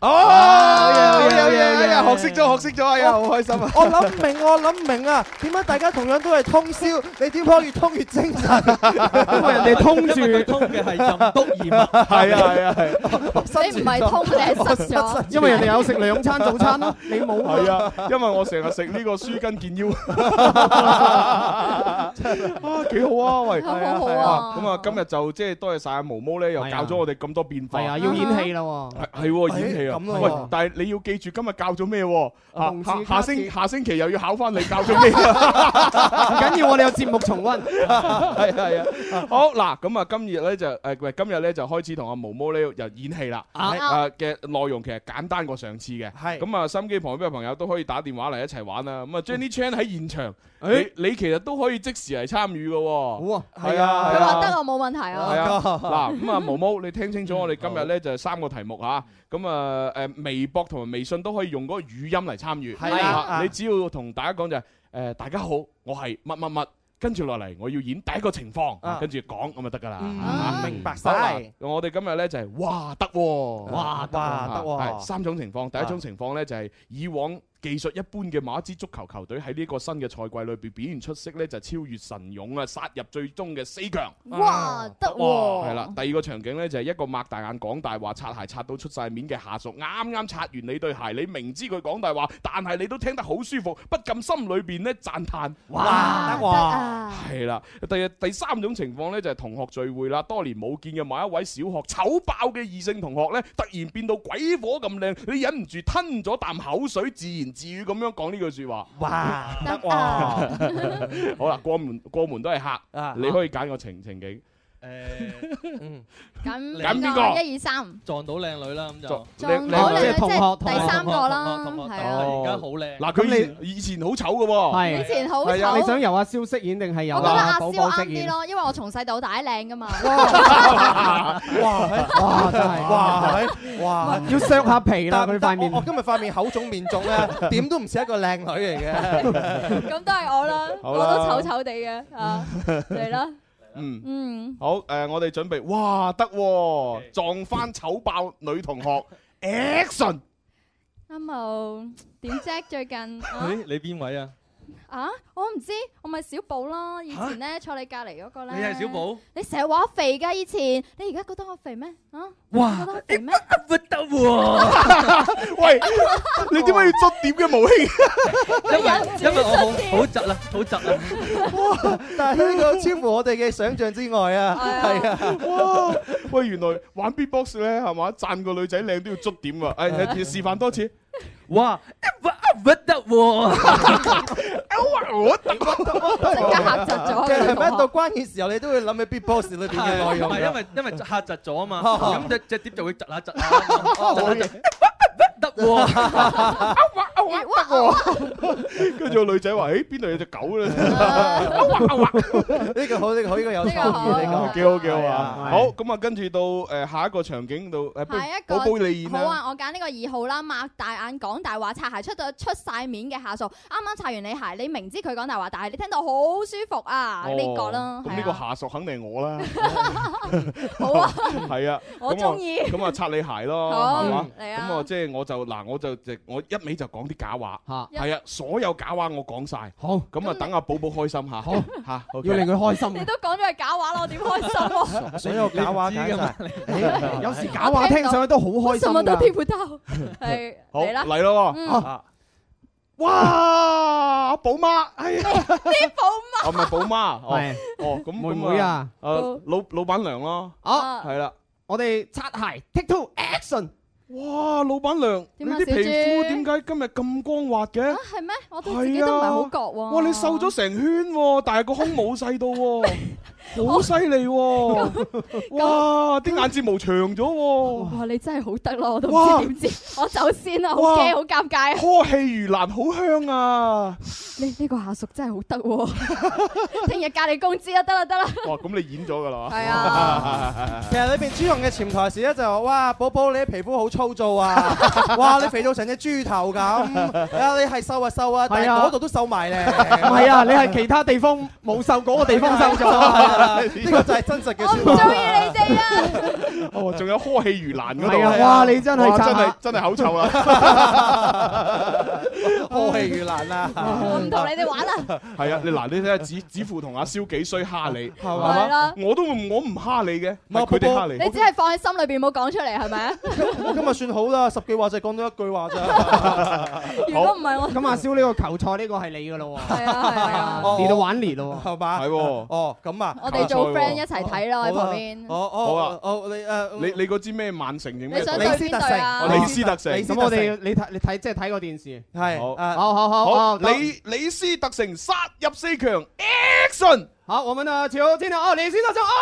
Speaker 1: 哦，
Speaker 7: 好有嘢，哎呀，學識咗，學識咗，哎呀，好開心啊！我諗唔明，我諗唔明啊，點解大家同樣都係通宵？你點解越通越精神？因為人哋
Speaker 2: 通住通嘅係任督二脈，係啊係啊係。
Speaker 3: 所以唔係通，你係失咗。因為人哋有食兩餐早餐咯。你
Speaker 6: 冇係啊？因為我成日食呢個舒筋健腰。啊，幾好啊！喂，咁好好啊！咁啊，今日就即係多謝晒毛毛咧，又教咗我哋咁多變。係啊，要演戲啦！係係演戲啊！喂，但係你要記住今日教咗咩？下下星下星期又要考翻嚟教咗咩？唔緊要，我哋有節目重溫。係啊係啊，好嗱，咁啊今日咧就誒喂，今日咧就開始同阿毛毛咧又演戲啦。啊嘅內容其實簡單過上次嘅，係咁啊，心機旁邊嘅朋友都可以打電話嚟一齊玩啊。咁啊，Jani Chan 喺現場。誒，你其實都可以即時嚟參與嘅喎。哇，係啊，佢話
Speaker 3: 得啊，冇問題啊。係啊，嗱，
Speaker 6: 咁啊，毛毛，你聽清楚，我哋今日咧就係三個題目吓。咁啊，誒，微博同埋微信都可以用嗰個語音嚟參與。係你只要同大家講就係，誒，大家好，我係乜乜乜，跟住落嚟，我要演第一個情況，跟住講咁就得㗎啦。明白晒！我哋今日咧就係，哇，得喎，哇，哇，得喎。係三種情況，第一種情況咧就係以往。技術一般嘅某一支足球球隊喺呢個新嘅賽季裏邊表現出色呢就超越神勇啊，殺入最終嘅四強。哇！啊、
Speaker 2: 得喎。係啦，
Speaker 6: 第二個場景呢就係一個擘大眼講大話、擦鞋擦到出晒面嘅下屬，啱啱擦完你對鞋，你明知佢講大話，但係你都聽得好舒服，不禁心裏邊呢讚歎：哇！
Speaker 2: 哇得喎。
Speaker 6: 係啦，第第三種情況呢就係同學聚會啦，多年冇見嘅某一位小學醜爆嘅異性同學呢，突然變到鬼火咁靚，你忍唔住吞咗啖口水，自然。至於咁樣講呢句說話，哇得哇！哇 [LAUGHS] [LAUGHS] 好啦，過門過門都係客，啊、你可以揀個情情景。
Speaker 2: 誒，咁咁呢個一二三
Speaker 6: 撞到靚女啦，咁就撞到靚女即係同學同學第三個啦，係啊，而家好靚。嗱，佢哋以前以前好醜噶，係以
Speaker 3: 前好係啊。你想
Speaker 8: 由阿蕭飾演定係由我覺得阿蕭啱啲咯？
Speaker 3: 因為我從細到大靚噶嘛。哇哇
Speaker 2: 真
Speaker 7: 係哇，係咪哇？要削下皮啦！佢塊面，我今日塊面口腫面腫咧，點都唔似一個靚女嚟嘅。
Speaker 3: 咁都係我啦，我都醜醜地嘅啊嚟啦。嗯，
Speaker 6: 嗯，好，誒、呃，我哋準備，哇，得，Okay. 撞返醜爆女同學 [LAUGHS] ，action，
Speaker 3: 阿毛點啫最近？誒、 [LAUGHS] 欸，
Speaker 6: 你邊位啊？
Speaker 3: 啊！我唔知，我咪小寶咯。以前咧坐你隔籬嗰個咧，你係小寶。你成日話我肥噶，以前，你而家覺得我肥咩？啊！
Speaker 2: 哇！肥咩？不得喎！喂，你點解要捉點嘅毛興？因為因為我好
Speaker 1: 好
Speaker 6: 窒啦，好窒啦。哇！但係呢個超乎我哋嘅想象之外啊！
Speaker 7: 係
Speaker 2: 啊！
Speaker 6: 哇！喂，原來玩 B-box 咧，係嘛？讚個女仔靚都要捉點噶？誒，其實示範多次。哇！唔得喎！
Speaker 2: 我我得唔得啊？即係吓窒咗，即係喺
Speaker 7: 到關鍵時候你都會諗起 B-box 裏邊嘅
Speaker 1: 內容。係因為因為嚇窒咗啊嘛，咁隻隻碟就會窒下窒
Speaker 2: 下，
Speaker 6: 唔得喎！啊哇啊哇唔得喎！跟住個女仔話，誒邊度有隻狗咧？啊哇哇！呢個好呢個好呢個有，呢個好幾好幾好啊！好咁啊，跟住到誒下一個場景度誒，我背你演啊！好啊，我
Speaker 3: 揀呢個二號啦，擘大眼講大話擦鞋出到。出晒面嘅下屬，啱啱擦完你鞋，你明知佢講大話，但係你聽到好舒服啊呢個啦。咁呢個
Speaker 6: 下屬肯定係我啦。好啊，係啊，我中意。咁啊擦你鞋咯，咁啊即係我就嗱，我就我一味就講啲假話，係啊，所有假話我講晒。好，咁啊等阿寶寶開心下，嚇，要令佢開心。你
Speaker 3: 都講咗係假話，我點開心？
Speaker 2: 所有假話，有時假話
Speaker 8: 聽上去都好開心啊！全部都跳
Speaker 3: 葡係
Speaker 6: 好嚟啦，嚟咯。哇，寶媽，係啲寶媽，啊唔係寶媽，係，哦咁會唔會啊，誒老老闆娘咯，啊係啦，我哋擦鞋，Take two, action，哇老闆娘，你啲皮膚點解今日咁光滑嘅？啊係
Speaker 3: 咩？我都唔係好覺喎，哇你瘦
Speaker 6: 咗成圈喎，但係個胸冇細到喎。好犀利喎！哇，啲眼睫毛長咗喎！
Speaker 3: 哇，你真係好得咯，我都唔知點知。我先走先啦，好驚，好尷尬、啊。呵
Speaker 6: 氣如蘭，好香啊！呢
Speaker 3: 呢、這個下屬真係好得，聽日隔籬工資啊！得啦，得啦。
Speaker 6: 哇，咁你演咗噶啦？係啊。
Speaker 7: 其實裏邊朱用嘅潛台詞咧就：，哇，寶寶你啲皮膚好粗糙啊！哇，你肥到成隻豬頭咁啊！你係瘦啊瘦啊，但係嗰度都瘦埋咧、啊。唔係啊，啊，你
Speaker 6: 係
Speaker 8: 其他地方冇瘦，嗰個地
Speaker 6: 方瘦咗。呢個就係真實嘅，我中意你哋啊！哦，仲有呵氣如蘭嗰度，哇！你真係真係真係口臭啊！
Speaker 3: 呵氣如蘭啦，我唔同你哋玩啦。
Speaker 6: 係啊，你嗱，你睇下，子子父同阿蕭幾衰蝦你係嘛？我都我唔蝦你嘅，唔係佢哋
Speaker 7: 蝦你。你
Speaker 3: 只係放喺心裏邊，冇好講出嚟，係咪？我今日算好啦，十句話就
Speaker 7: 講到一句話咋！如果唔係我，咁阿蕭呢個球賽呢個係你噶咯？係
Speaker 3: 啊，係啊，嚟到
Speaker 6: 玩嚟咯，係嘛？係哦，咁啊。我哋做 friend
Speaker 3: 一齊睇咯，
Speaker 6: 喺旁邊。我我好啊，我你誒你你嗰支咩曼城定你想對李斯特城？李斯特城。我哋
Speaker 2: 你
Speaker 8: 睇你睇即係睇個電視。係。好。好好好好。李李斯特城殺入四強，Action！好、ah, 啊啊啊啊嗯哎，我們的球天了啊！李信先生啊，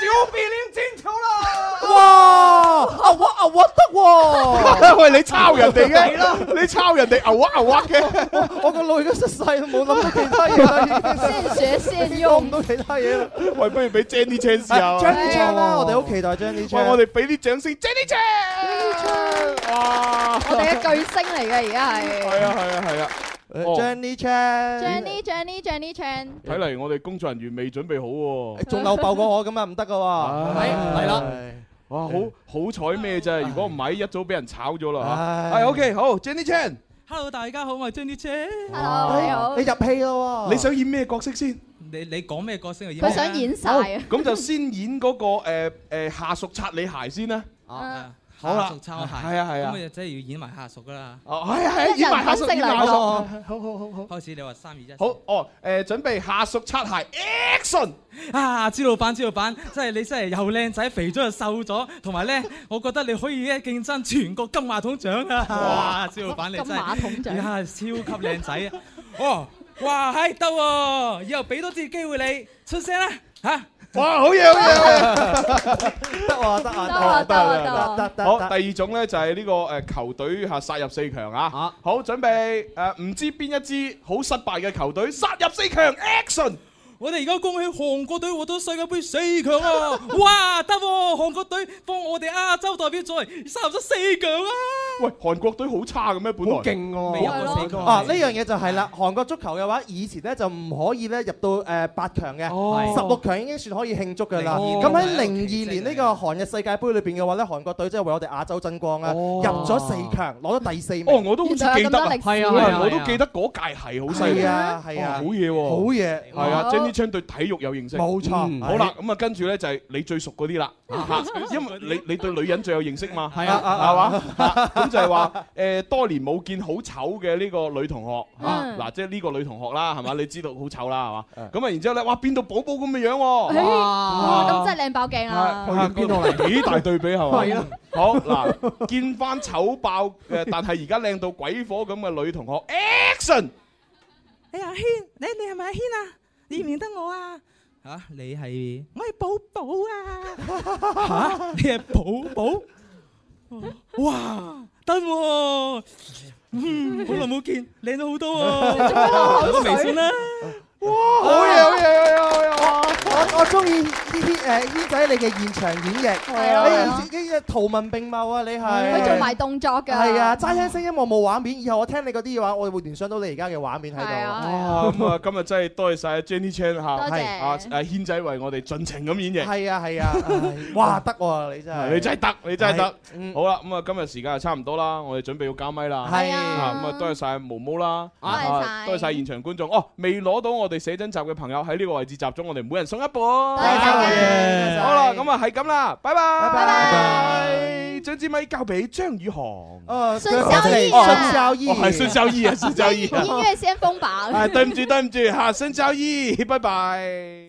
Speaker 8: 小
Speaker 5: 比零進球啦！
Speaker 7: 哇，啊我啊我得喎，
Speaker 5: 喂你抄人哋嘅，係
Speaker 6: 你抄人哋牛畫牛畫嘅，我我個腦而家失勢都冇諗到其他嘢，先寫先用，唔到其他嘢啦。喂，不如俾 Jenny Chan 試下。
Speaker 7: Jenny Chan 啦，我哋好期待 Jenny Chan。我
Speaker 6: 哋俾啲掌聲
Speaker 3: Jenny Chan。Jenny Chan，哇，我哋嘅巨星嚟㗎，而家係。係啊
Speaker 6: 係啊係啊。
Speaker 7: Jenny
Speaker 3: Chan，Jenny，Jenny，Jenny Chan。
Speaker 6: 睇嚟我哋工作人員未準備好喎，仲漏爆過我咁啊，唔得㗎喎。係，係啦。哇，好好彩咩啫？如果唔係，一早俾人炒咗啦。係 OK，好，Jenny Chan，Hello，
Speaker 5: 大家好，我係 Jenny Chan。Hello，你好。你
Speaker 7: 入
Speaker 6: 戲咯喎？你想演咩角色先？你你講咩角色啊？
Speaker 10: 佢想
Speaker 6: 演晒。咁就先演嗰個誒下屬擦你鞋先啦。嗯。好啦，擦鞋，係啊係啊，咁我哋真係要演埋下
Speaker 5: 屬噶啦。哦，係啊係啊，啊啊啊啊演埋下屬，好好好好。開始，你話三二一。好，
Speaker 6: 好，哦，誒、呃，準備下屬擦鞋。Action！啊，朱老闆，朱老闆，真係你真係
Speaker 10: 又靚仔，肥咗又瘦咗，同埋咧， [LAUGHS] 我覺得你可以咧競爭全國金馬桶獎
Speaker 5: 啊！哇，朱哇老闆你真係金馬桶獎，哎、呀，超級靚仔啊！ [LAUGHS] 哦，哇，嗨、哎！得以，以後俾多次機會你出聲啦，吓、啊！哇，好嘢，好嘢！ [LAUGHS] [LAUGHS] 得喎，得啊，
Speaker 2: 得啊，得啊，得啊，得！好，第
Speaker 6: 二種咧就係呢個誒球隊吓殺入四強啊！好，準備誒，唔知邊一支好失敗嘅球隊殺
Speaker 5: 入四強，action！我哋而家恭喜韓國隊獲得世界盃四強啊！哇，得喎，韓國隊幫我哋亞洲代表隊殺入咗四強啊！喂，韓
Speaker 7: 國隊好差㗎咩？本來好勁嘅喎啊！呢樣嘢就係啦，韓國足球嘅話，以前咧就唔可以咧入到誒八強嘅，十六強已經算可以慶祝㗎啦。咁喺零二年呢個韓日世界盃裏邊嘅話咧，韓國隊即係為我哋亞洲爭光啊，入咗四強，攞咗第四名。哦，我都記得，係啊，我都記
Speaker 6: 得嗰屆係好犀利啊，係啊，好嘢喎，好嘢，係啊，槍對體育有認識，冇錯。好啦，咁啊，跟住咧就係你最熟嗰啲啦。因為你你對女人最有認識嘛，係啊，係嘛。咁就係話誒，多年冇見好醜嘅，呢個女同學啊，嗱，即係呢個女同學啦，係嘛，你知道好醜啦，係嘛。咁啊，然之後咧，哇，變到寶寶咁嘅樣，哇，咁真
Speaker 3: 係靚爆鏡啊！
Speaker 6: 度到幾大對比係嘛？係啊！好嗱，見翻醜爆誒，但係而家靚到鬼火咁嘅女同學，action！
Speaker 5: 哎阿軒，你你係咪阿軒啊？你認唔認得我啊？吓、啊？你係我係寶寶啊！吓？你係寶寶？哇，得喎、哦！嗯，好耐冇見，靚咗、哦、 [LAUGHS] 好多喎！攞個眉啦～
Speaker 3: 哇！好嘢，好嘢，
Speaker 7: 好嘢。我我中意呢啲誒，軒仔你嘅現場演繹，你自己嘅圖文並茂啊！你係佢做埋動作㗎，係啊！齋聽聲音我冇畫面，以後我聽你嗰啲話，我會聯想到你而家嘅畫面喺度。咁
Speaker 6: 啊，今日真係多謝晒 Jenny Chan 嚇，多謝啊，誒軒仔為我哋盡情咁演繹。係
Speaker 7: 啊係啊，哇！得喎你真係，你真係得，你真係得。
Speaker 6: 好啦，咁啊今日時間就差唔多啦，我哋準備要交咪啦。係咁啊，多謝晒毛毛啦，多謝晒，多謝晒現場觀眾。哦，未攞到我。我哋寫真集嘅朋友喺呢個位置集中，我哋每人送一本。多謝。好啦，咁啊係咁啦，
Speaker 2: 拜拜。拜拜。
Speaker 6: 將支咪交俾張宇航！
Speaker 2: 哦，
Speaker 3: 孫嬌怡，孫嬌怡，係
Speaker 6: 孫嬌怡啊，孫嬌怡。音
Speaker 3: 樂先鋒榜。係， [LAUGHS] 對唔住，
Speaker 6: 對唔住吓，孫嬌怡，拜拜。